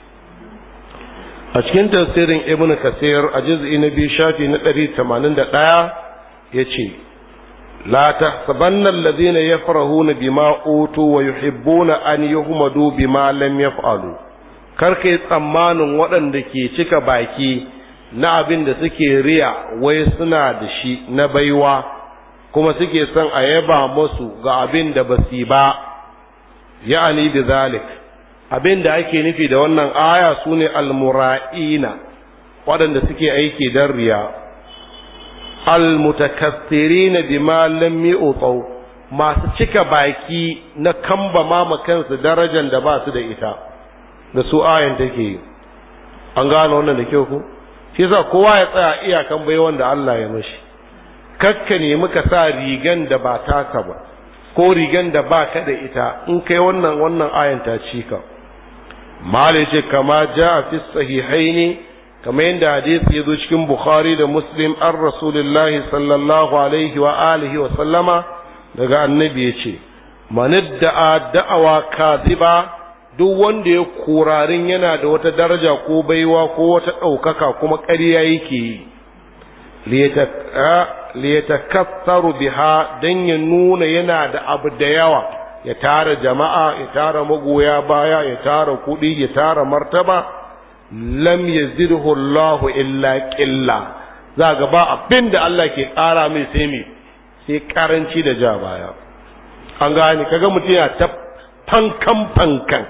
a cikin tafsirin ibnu kasir a juz'i na biyu shafi na 181 yace la tahsabanna alladhina yafrahuna bima utu wa yuhibbuna an yuhmadu bima lam yaf'alu kar kai tsammanin waɗanda ke cika baki na abin da suke riya wai suna da shi na baiwa kuma suke son a yaba musu ga abin da ba su ba ya'ani da zalik abin da ake nufi da wannan aya sune ne almura'ina waɗanda suke aiki don riya almutakassirina bima lam yu'tau masu cika baki na kamba ma kansu darajar da ba su da ita da su ayan take an gano wannan da kyau ku shi yasa kowa ya tsaya iyakan bai wanda Allah ya mashi kakka ne muka sa rigan da ba taka ba ko rigan da ba ka da ita in kai wannan wannan ayan ta ci ka kama ja fi sahihaini kamar yadda hadisi ya zo cikin bukhari da muslim an rasulullahi sallallahu alaihi wa alihi wa sallama daga annabi ya ce man da'a da'awa kadhiba duk wanda ya kurarin yana da wata daraja ko baiwa ko wata ɗaukaka kuma ƙarya yake yi liyatakassaru biha don ya nuna yana da abu da yawa ya tara jama'a ya tara magoya baya ya tara kuɗi ya tara martaba lam yazidhu Allahu illa qilla za ga ba abin da Allah ke ƙara mai sai me sai karanci da ja baya an gane kaga mutum ya ta fankan fankan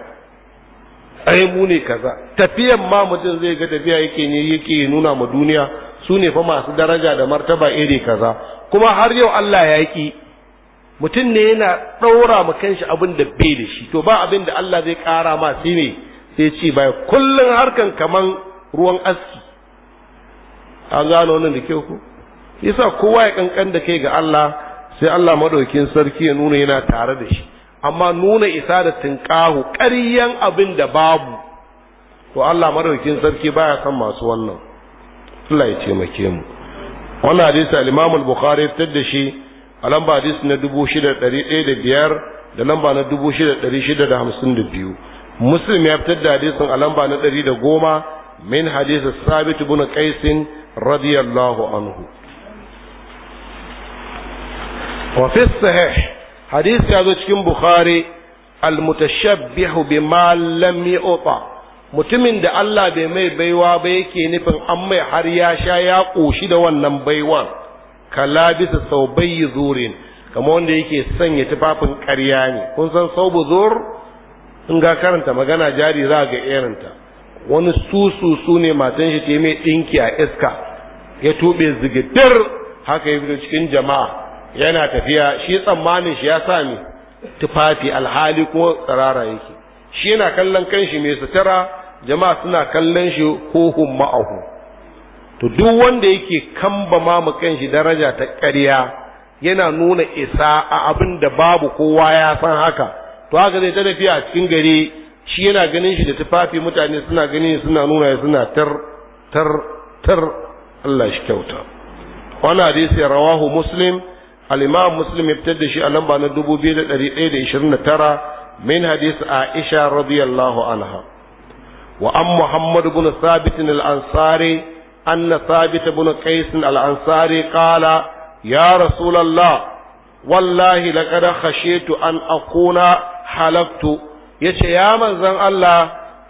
ai mu ne kaza tafiyan ma mutum zai ga tafiya yake ne yake nuna ma duniya su ne fa masu daraja da martaba iri kaza kuma har yau Allah ya ki mutum ne yana ɗaura ma kanshi abin da bai da shi to ba abin da Allah zai kara ma sai ne sai ce baya kullum harkan kaman ruwan aski an gano wannan da kyau ko yasa kowa ya kankan da kai ga Allah sai Allah madaukin sarki ya nuna yana tare da shi amma nuna isa da tinkahu ƙaryan abin da babu to Allah madaukakin sarki baya son masu wannan Allah ya taimake mu wannan hadisi al-Imam al-Bukhari ya fitar da shi a lamba hadisi na 6105 da lamba na 6652 Muslim ya fitar da hadisin a lamba na 110 min hadisi Sabit ibn Qais radiyallahu anhu wa fi sahih hadisi ya zo cikin bukhari almutashabbihu bima lam mutumin da Allah bai mai baiwa ba yake nufin an mai har ya sha ya ƙoshi da wannan baiwan kala bisa saubai zurin kamar wanda yake sanya tufafin ƙarya ne kun san saubu zur in ga karanta magana jari za ga irinta wani susu su ne matan shi ta mai ɗinki a iska ya tuɓe zigidir haka ya fito cikin jama'a yana tafiya shi tsammanin shi ya sa tufafi alhali ko tsarara yake shi yana kallon kanshi mai sutura jama'a suna kallon shi kohun ma'ahu to duk wanda yake kamba mamu kanshi daraja ta ƙarya yana nuna isa a abin da babu kowa ya san haka to haka zai ta tafiya a cikin gari shi yana ganin shi da tufafi mutane suna ganin suna nuna suna tar tar tar Allah shi kyauta wannan hadisi rawahu muslim al-imam muslim da shi a lamba na 2129 min hadisi aisha radiyallahu anha wa an muhammad ibn thabit al-ansari anna thabit ibn qais al-ansari qala ya rasulullah wallahi laqad khashitu an akuna halaktu yace ya manzon Allah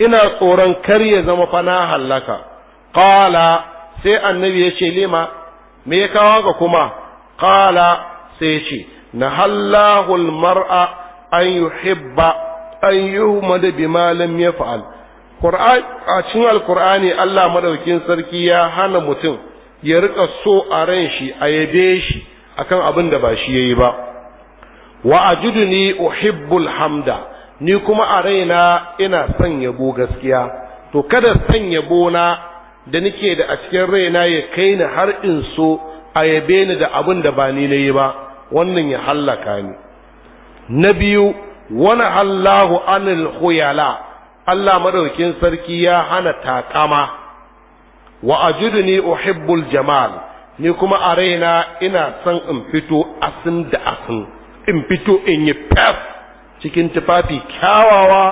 ina tsoron kar ya zama fa na halaka qala sai annabi yace lima me ya kawo ka kuma qala sai ce na hallahul mar'a an yuhibba an yuhmada bima lam yaf'al qur'an a cikin alqur'ani Allah madaukin sarki ya hana mutum ya rika so a ran shi a yabe shi akan abin da ba shi yayi ba wa ajuduni uhibbul hamda ni kuma a raina ina son yabo gaskiya to kada son yabo na da nake da a cikin raina ya kai ni har in so a yabe ni da abin da ba ni na yi ba wannan ya hallaka ni na biyu wani allahu anil huyala allah madaukin sarki ya hana takama wa ajudni uhibbul jamal ni kuma a raina ina son in fito asin da asin in fito in yi fef cikin tufafi kyawawa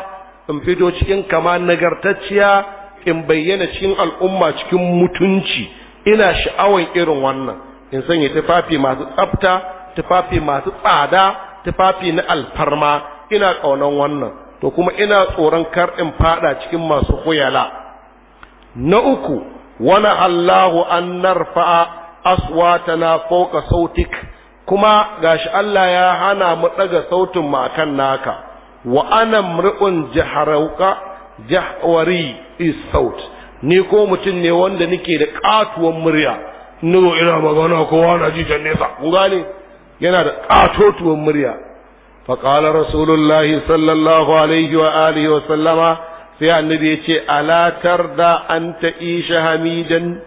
in fito cikin kama nagartacciya in bayyana cikin al'umma cikin mutunci ina sha'awan irin wannan in sanya tufafi masu tsafta tufafi masu tsada tufafi na alfarma ina ƙaunan wannan to kuma ina tsoron kar in fada cikin masu huyala na uku wani allahu an narfa aswatana fauka sautik kuma gashi Allah ya hana mu daga sautin makan naka wa ana mri'un jaharauka jahwari is saut ni ko mutum ne wanda nake da katuwan murya nubo ina magana ko wani ji can nesa ku gane yana da katotuwan murya faƙalar rasulullahi sallallahu alaihi wa alihi wa sallama sai annabi ya ce alatar da an ta isha hamidan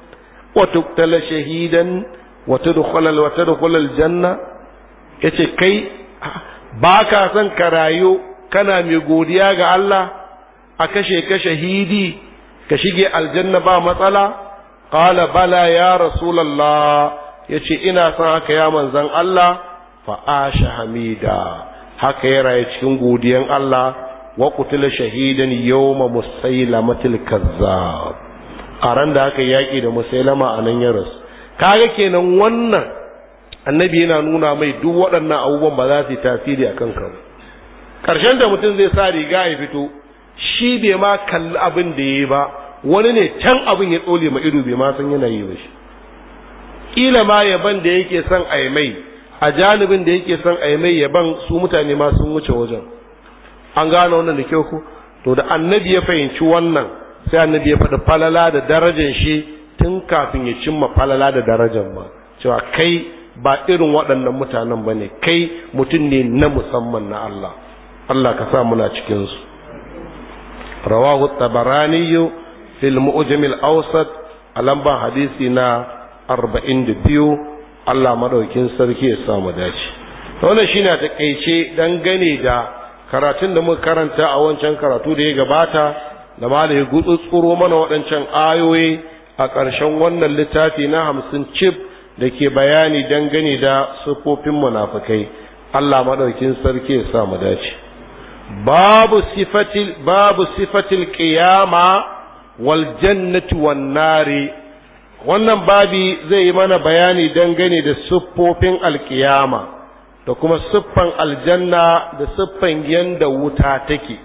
wa tuktala shahidan wa tudkhulal wa tudkhulal janna ce kai ba ka son ka rayu kana mai godiya ga Allah a kashe ka shahidi ka shige aljanna ba matsala qala bala ya rasulullah yace ina son haka ya manzon Allah fa asha hamida haka ya raye cikin godiyan Allah wa qutila shahidan yawma musailamatil kazzab a da aka yaki da musailama a nan ya rasu kaga kenan wannan annabi yana nuna mai duk waɗannan abubuwan ba za su yi tasiri a kanka karshen da mutum zai sa riga ya fito shi bai ma kalli abin da ya yi ba wani ne can abin ya tsole ma ido bai ma san yana yi ba shi kila ma yaban da yake son a mai a janibin da yake son a mai ban su mutane ma sun wuce wajen an gane wannan da kyau ko to da annabi ya fahimci wannan sai annabi ya faɗi falala da darajar shi tun kafin ya cimma falala da darajar ma cewa kai ba irin waɗannan mutanen ba ne kai mutum ne na musamman na Allah Allah ka sa muna cikinsu rawahu tabaraniyu fil mu'jamil awsat a lamban hadisi na 42 Allah maɗaukin sarki ya samu dace shi shine a takeice don gane da karatun da muka karanta a wancan karatu da ya gabata da malai tsoro mana waɗancan ayoyi a ƙarshen wannan littafi na hamsin cif da ke bayani dangane da sufofin munafukai, Allah maɗaukin sarki ya samu dace babu sifatil ƙiyama. wal jannati wan nari wannan babi zai yi mana bayani dangane da siffofin alkiyama da kuma siffan aljanna da siffan yanda wuta take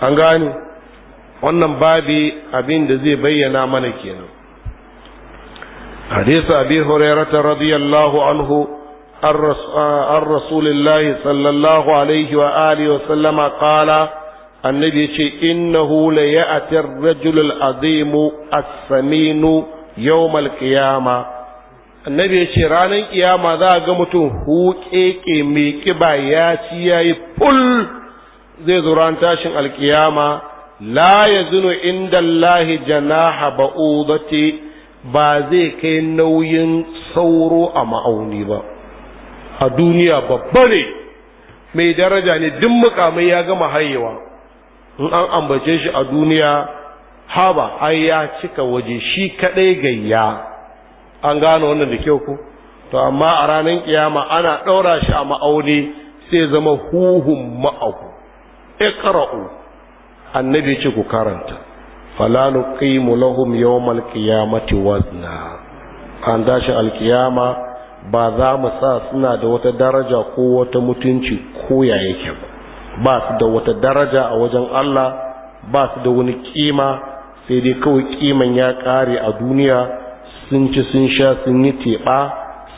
an gane wannan babi abin da zai bayyana mana kenan حديث أبي هريرة رضي الله عنه عن الله صلى الله عليه وآله وسلم annabi ya ce innahu la ya'ti ar-rajul al-azim as-samin yawm al-qiyama annabi ya ce ranar kiyama za ga mutum huƙeƙe mai kiba ya ci yayi ful zai zo ran tashin alkiyama la yazunu inda Allahi janaha ba'udati ba zai kai nauyin sauro a ma'auni ba a duniya babba ne mai daraja ne duk mukamai ya gama hayewa in an ambace shi a duniya haba ai ya cika waje shi kadai gayya an gano wannan da kyau ko to amma a ranar kiyama ana ɗaura shi a ma'auni sai zama huhun ma'ahu iqra'u annabi ce ku karanta fala nuqimu lahum yawmal qiyamati wazna an dashi alkiyama ba za mu sa suna da wata daraja ko wata mutunci ko ya yake ba ba su da wata daraja a wajen Allah ba su da wani kima sai dai kawai kiman ya kare a duniya sun ci sun sha sun yi teɓa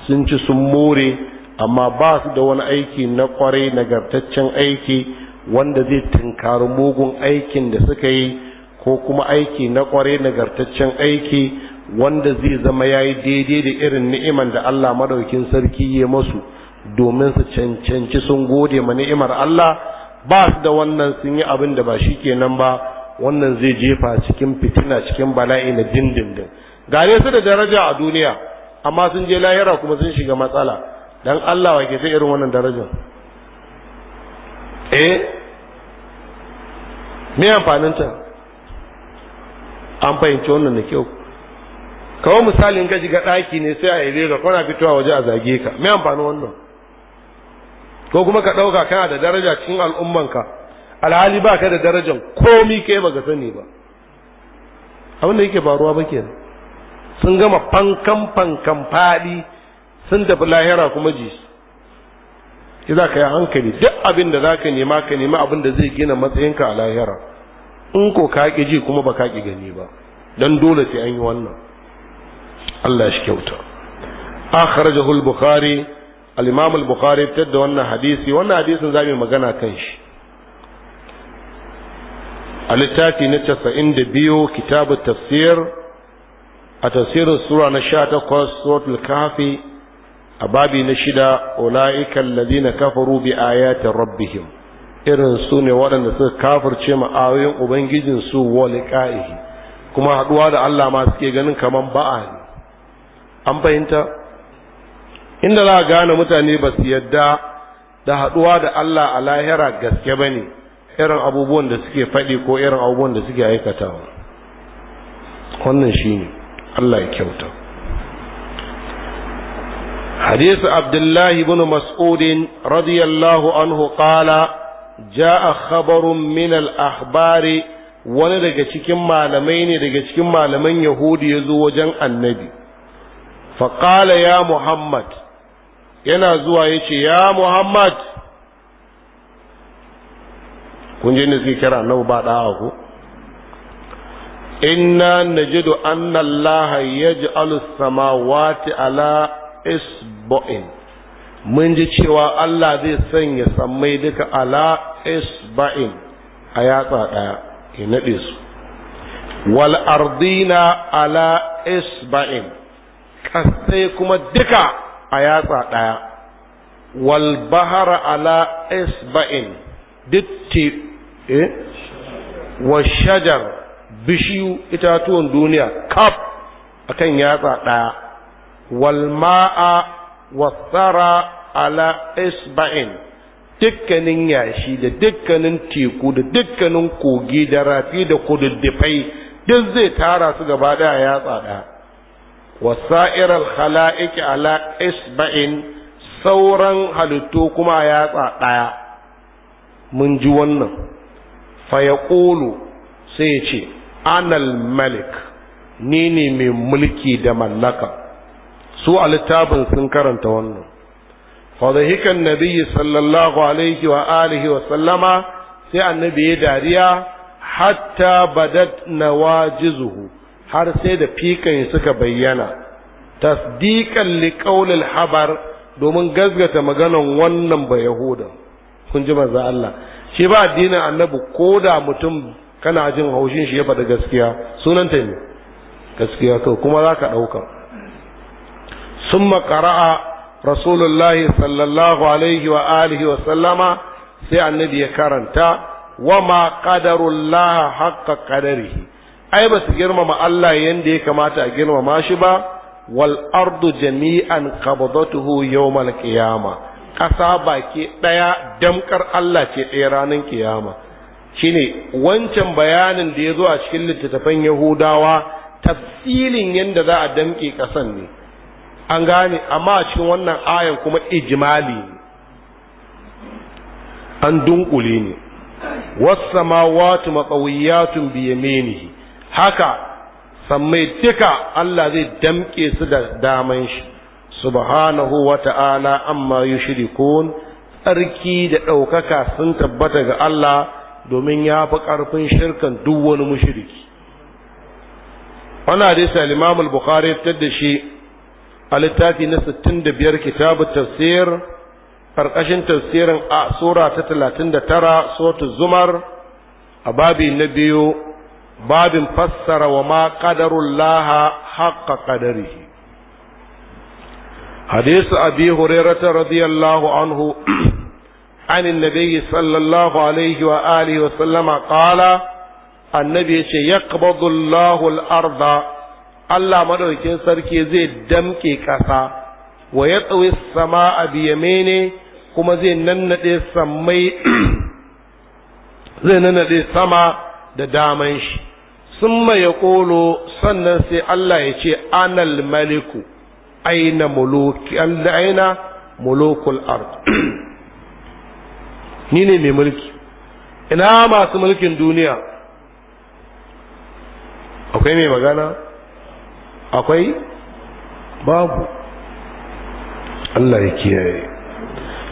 sun ci sun more amma ba su da wani aiki na kwarai nagartaccen aiki wanda zai tunkari mugun aikin da suka yi ko kuma aiki na kwarai nagartaccen aiki wanda zai zama ya yi daidai da irin ni'iman da Allah madaukin sarki ya masu domin su cancanci sun gode ma ni'imar Allah ba su da wannan sun yi abin da ba shi kenan ba wannan zai jefa cikin fitina cikin bala'i na dindindin gane su da daraja a duniya amma sun je lahira kuma sun shiga matsala dan Allah wa ke sai irin wannan darajar eh me amfanin ta an fahimci wannan da kyau kawai misalin ka ga ɗaki ne sai a yi ka kana fitowa waje a zage ka me amfanin wannan ko kuma ka ɗauka kana da daraja cikin al'ummanka alhali ba ka da darajan komi kai ba ka sani ba abin yake faruwa ba kenan sun gama fankan fankan faɗi sun tafi lahira kuma ji ki za ka yi hankali duk abin da za ka nema ka nema abin da zai gina matsayinka a lahira in ko ka ƙi ji kuma ba ka ƙi gani ba don dole sai an yi wannan Allah shi kyauta akhrajahu al-bukhari al-imam al-bukhari fitar da wannan hadisi wannan hadisin zamu magana kan shi a littafi na 92 kitabu tafsir a tafsirin sura na 18 suratul kahfi a babi na shida ulaika alladhina kafaru bi ayati rabbihim irin su ne waɗanda suka kafirce ma ayoyin ubangijin su wa liqa'ihi kuma haduwa da Allah ma suke ganin kaman ba'a an fahimta inda za a gane mutane ba su yadda da haɗuwa da Allah a lahira gaske ba ne irin abubuwan da suke faɗi ko irin abubuwan da suke aikatawa wannan shi ne Allah ya kyauta حديث Abdullahi bin Mas'udin radiyallahu anhu الله ja a جاء خبر من wani daga cikin malamai ne daga cikin malaman yahudi ya zo wajen annabi faƙala ya muhammad yana zuwa ya ce ya muhammad kun je ne suke kira nau ba ɗawa ku inna ya ji allaha yaj'alu samawati ala isbo'in mun ji cewa Allah zai sanya sammai duka ala isba'in a yatsa ɗaya ya naɗe su wal ardina ala isba'in kasai kuma duka a yatsa ɗaya wal bahara ala isba'in ditti eh wa shajar bishiyu itatuwan duniya kaf kan yatsa ɗaya wal ma'a wa tsara ala isba'in dukkanin yashi da dukkanin teku da dukkanin kogi da rafi da kududdufai duk zai tara su gaba daya yatsa ɗaya. wasa'ir al-khala'iq ala isba'in sauran halittu kuma yatsa ɗaya. mun ji wannan fa yaqulu sai ya ce anal malik ni ne mai mulki da mallaka su a littafin sun karanta wannan fadahikan nabiyyi sallallahu alaihi wa wa sallama sai annabi ya dariya hatta badat nawajizuhu har sai da fikan suka bayyana tasdiqan liqaulil habar domin gazgata maganan wannan ba yahuda kun ji manzo Allah shi ba addinin annabi koda mutum kana jin haushin shi ya faɗi gaskiya Sunan ta ne gaskiya to kuma za ka ɗauka summa makara'a rasulullahi sallallahu alaihi wa alihi wa sallama sai annabi ya karanta wa ma ƙadarullah haƙƙa qadarihi ai ba su girmama Allah yanda ya kamata a girmama shi ba wal ardu jami'an qabdatuhu yawmal qiyama ƙasa baki ɗaya damkar Allah ce ɗaya ranar kiyama shine wancan bayanin da ya zo a cikin littattafan Yahudawa tafsilin yadda za a damƙe ƙasan ne an gane amma a cikin wannan ayan kuma ijmali ne an dunkule ne wasu maqawiyatun bi biyamenihi haka sammai duka Allah zai damke su da daman shi subhanahu wa ta'ala amma yushrikun tsarki da ɗaukaka sun tabbata ga Allah domin ya fi ƙarfin shirkan duk wani mushriki wannan hadisi al-Imam al-Bukhari ya da shi a littafi na 65 kitabu tafsir karkashin tafsirin a sura ta 39 suratul zumar a babi na biyu babin fassara wa ma qadarullaha haqqa qadarihi حديث أبي هريرة رضي الله عنه عن النبي صلى الله عليه وآله وسلم قال النبي يقبض الله الأرض الله مدركين سركي زي دمكي كسا ويطوي السماء بيمينه kuma zai nannaɗe sammai zai nannaɗe sama da daman shi sun ya kolo sannan sai Allah ya ce anal maliku aina muluki aina mulukul ard ni ne mai mulki ina masu mulkin duniya akwai mai magana akwai babu Allah ya kiyaye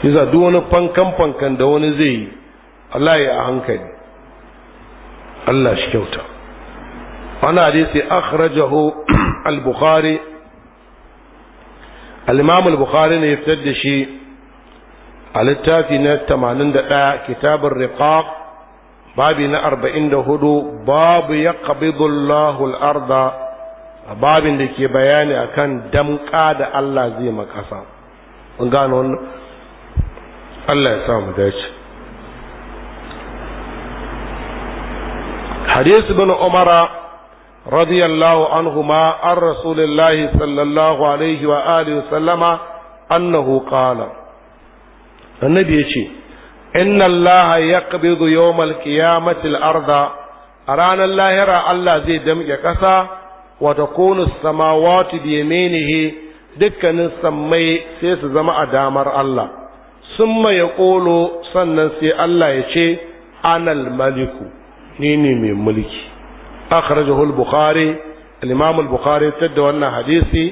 yasa duk wani fankan fankan da wani zai yi Allah ya a hankali Allah shi kyauta وعن حديث أخرجه البخاري الإمام البخاري يفتد شيء على التافينة تمانين كتاب الرقاق بابنا أربعين دهدو باب يقبض الله الأرض باب دكي بيان أكن دم كاد الله زي ما كسام وقالون الله يسام ديش حديث ابن عمر رضي الله عنهما عن رسول الله صلى الله عليه وآله وسلم أنه قال النبي يشي إن الله يقبض يوم القيامة الأرض أرانا الله يرى الله زي دمج كسا وتكون السماوات بيمينه دكن سمي سيس زمع دامر الله ثم يقول سنن سي الله يشي أنا الملك نيني من ملكي akhrajahu al-bukhari al-imam al-bukhari wannan hadisi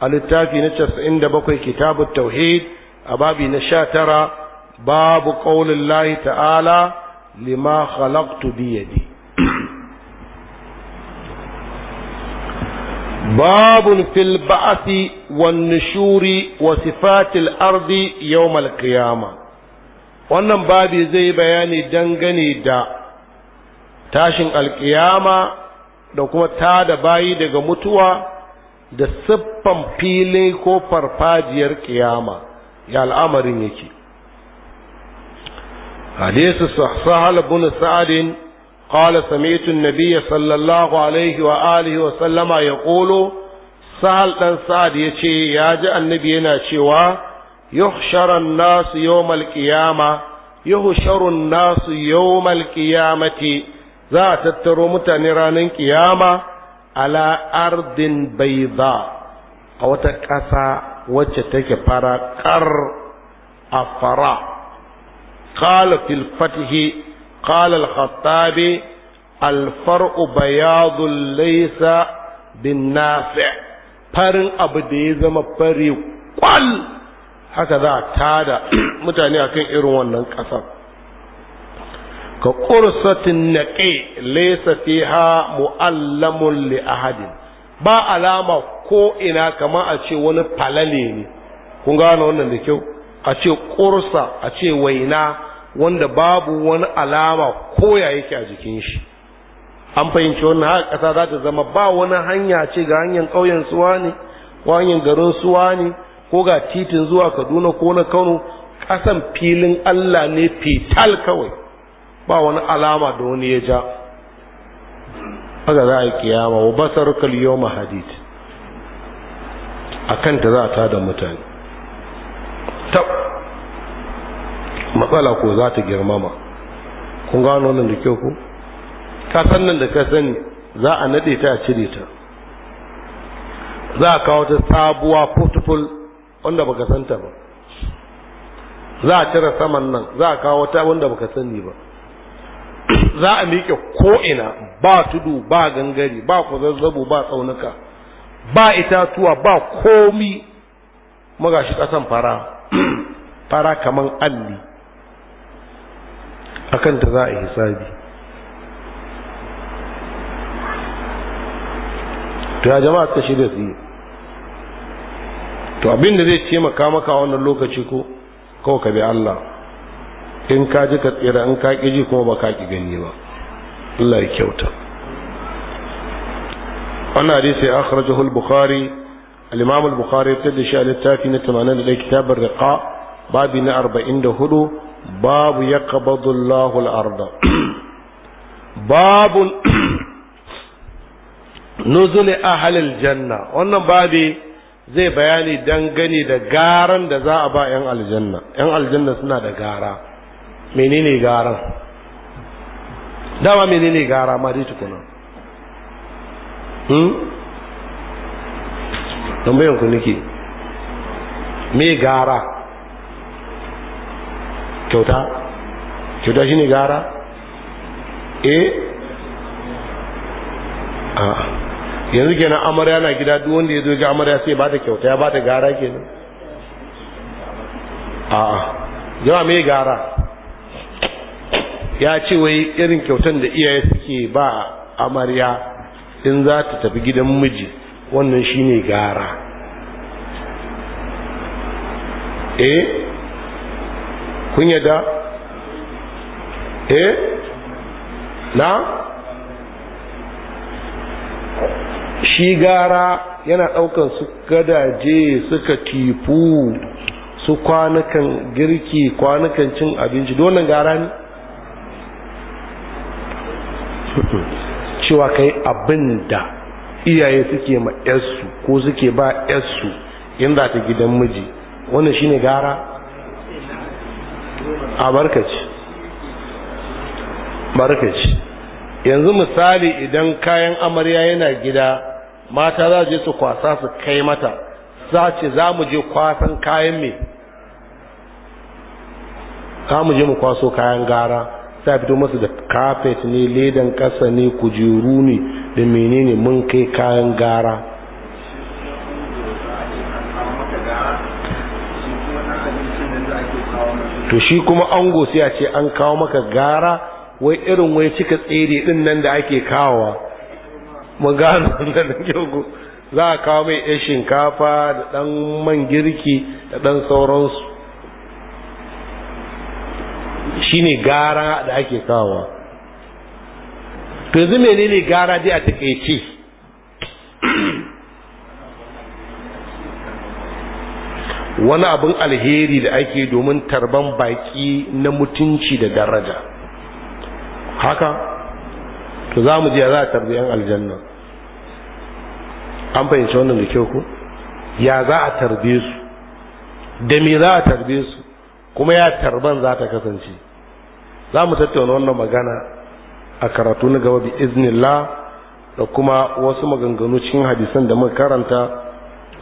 a littafi na da kitab at-tauhid a babi na 19 babu qaulin ta'ala lima khalaqtu bi yadi باب في البعث والنشور وصفات الأرض يوم القيامة wannan babi zai bayani dangane da tashin alkiyama da kuma ta da bayi daga mutuwa da siffan fili ko farfajiyar kiyama ya al'amarin yake hadisi sahal bin sa'adin qala sami'tu an-nabiy sallallahu alaihi wa alihi wa sallama yaqulu sahal dan sa'ad yace ya ji annabi yana cewa yuhshara an-nas yawm al-qiyamah yuhsharu an-nas yawm al-qiyamati za a tattaro mutane ranar ƙiyama ala ardin baiza a wata ƙasa wacce take fara ƙar a fara قال في ƙalal قال الخطابي الفرع بياض ليس بالنافع farin abu da ya zama fari kwal haka za a tada mutane akan irin wannan ƙasar ka ƙursatin naƙe laisa fiha mu'allamun li ahadin ba alama ko ina a ce wani falale ne kun gane wannan da kyau a ce ƙursa a ce waina wanda babu wani alama ko ya yake a jikin shi an fahimci wannan haka ƙasa za ta zama ba wani hanya ce ga hanyar ƙauyen suwa ne ko hanyar garin suwa ne ko ga titin zuwa kaduna ko na kano ƙasan filin allah ne fital kawai ba wani alama da wani ya ja haka za a yi kiyama wa basar kaliyoma hadid a kanta za ta da mutane tab matsala ko za ta girmama kun gano nan da kyau ku ka san nan da ka sani za a naɗe ta a cire ta za a kawo ta sabuwa portable wanda baka santa ba za a cire saman nan za a kawo ta wanda baka sani ba za a miƙe ko'ina ba tudu ba gangare ba kwazazzabo ba tsaunuka ba itatuwa ba komi muga shi ƙasan fara fara kaman alli akan ta za a yi hisabi to ya jama'a ta shirya su yi to abinda zai taimaka maka wannan lokaci ko kawo ka bi Allah in ka ji ka tsira in ka ƙi ji kuma ba ka ƙi gani ba Allah ya kyauta wannan hadisi ya akhrajahu al-bukhari al-imam al-bukhari ta da shi a littafi na 81 kitabun riqa babi na 44 babu yaqbadu Allahu al-arda babu nuzul ahli al-janna wannan babi zai bayani dangane da garan da za a ba 'yan aljanna 'yan aljanna suna da gara menene gara dama menene gara ma dai tukuna hmm tambayan ku nake me gara kyauta kyauta shine gara eh a yanzu kenan amarya na gida duk wanda ya zo ga amarya sai ba ta kyauta ya ba ta gara kenan a'a yawa me gara ya ce wai irin kyautan da iyaye suke ba amarya in za ta tafi gidan miji wannan shi ne gara eh kun yada eh na shi gara yana daukan su gadaje suka tifu su kwanukan girki kwanukan cin abinci donan gara ne cewa kai abin da iyaye suke ma yarsu ko suke ba yarsu in za ta gidan miji wannan shine gara a barkaci barkaci yanzu misali idan kayan amarya yana gida mata za je su kwasa su kai mata za ce za mu je kwasan kayan me za mu je mu kwaso kayan gara sai fito masu da kafet ne ledan ƙasa ne kujeru ne da menene mun kai kayan gara to shi kuma ango sai a ce an kawo maka gara wai irin wai cika tsere din nan da ake kawowa mu gano nan kyau za a kawo mai ɗan shinkafa da ɗan man girki da ɗan sauransu shine gara da ake kawowa to yanzu menene gara dai a takaice wani abin alheri da ake domin tarban baki na mutunci da daraja haka to za mu je za a tarbi yan aljanna an fahimci wannan da kyau ku, ya za a tarbe su da me za a tarbe su kuma ya tarban za ta kasance za mu tattauna wannan magana a karatu na gaba bi iznillah da kuma wasu maganganu cikin hadisan da muka karanta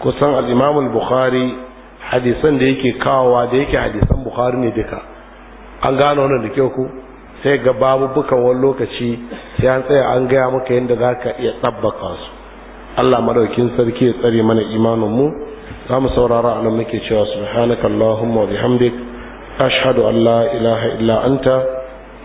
kusan al-Imam al-Bukhari hadisan da yake kawowa da yake hadisan Bukhari ne duka an gano wannan da kyau ku sai ga babu bukan wani lokaci sai an tsaya an gaya maka yadda za ka iya tsabbaka su Allah madaukin sarki ya tsare mana imanin mu za mu saurara a anan muke cewa subhanakallahumma wa bihamdik ashhadu an la ilaha illa anta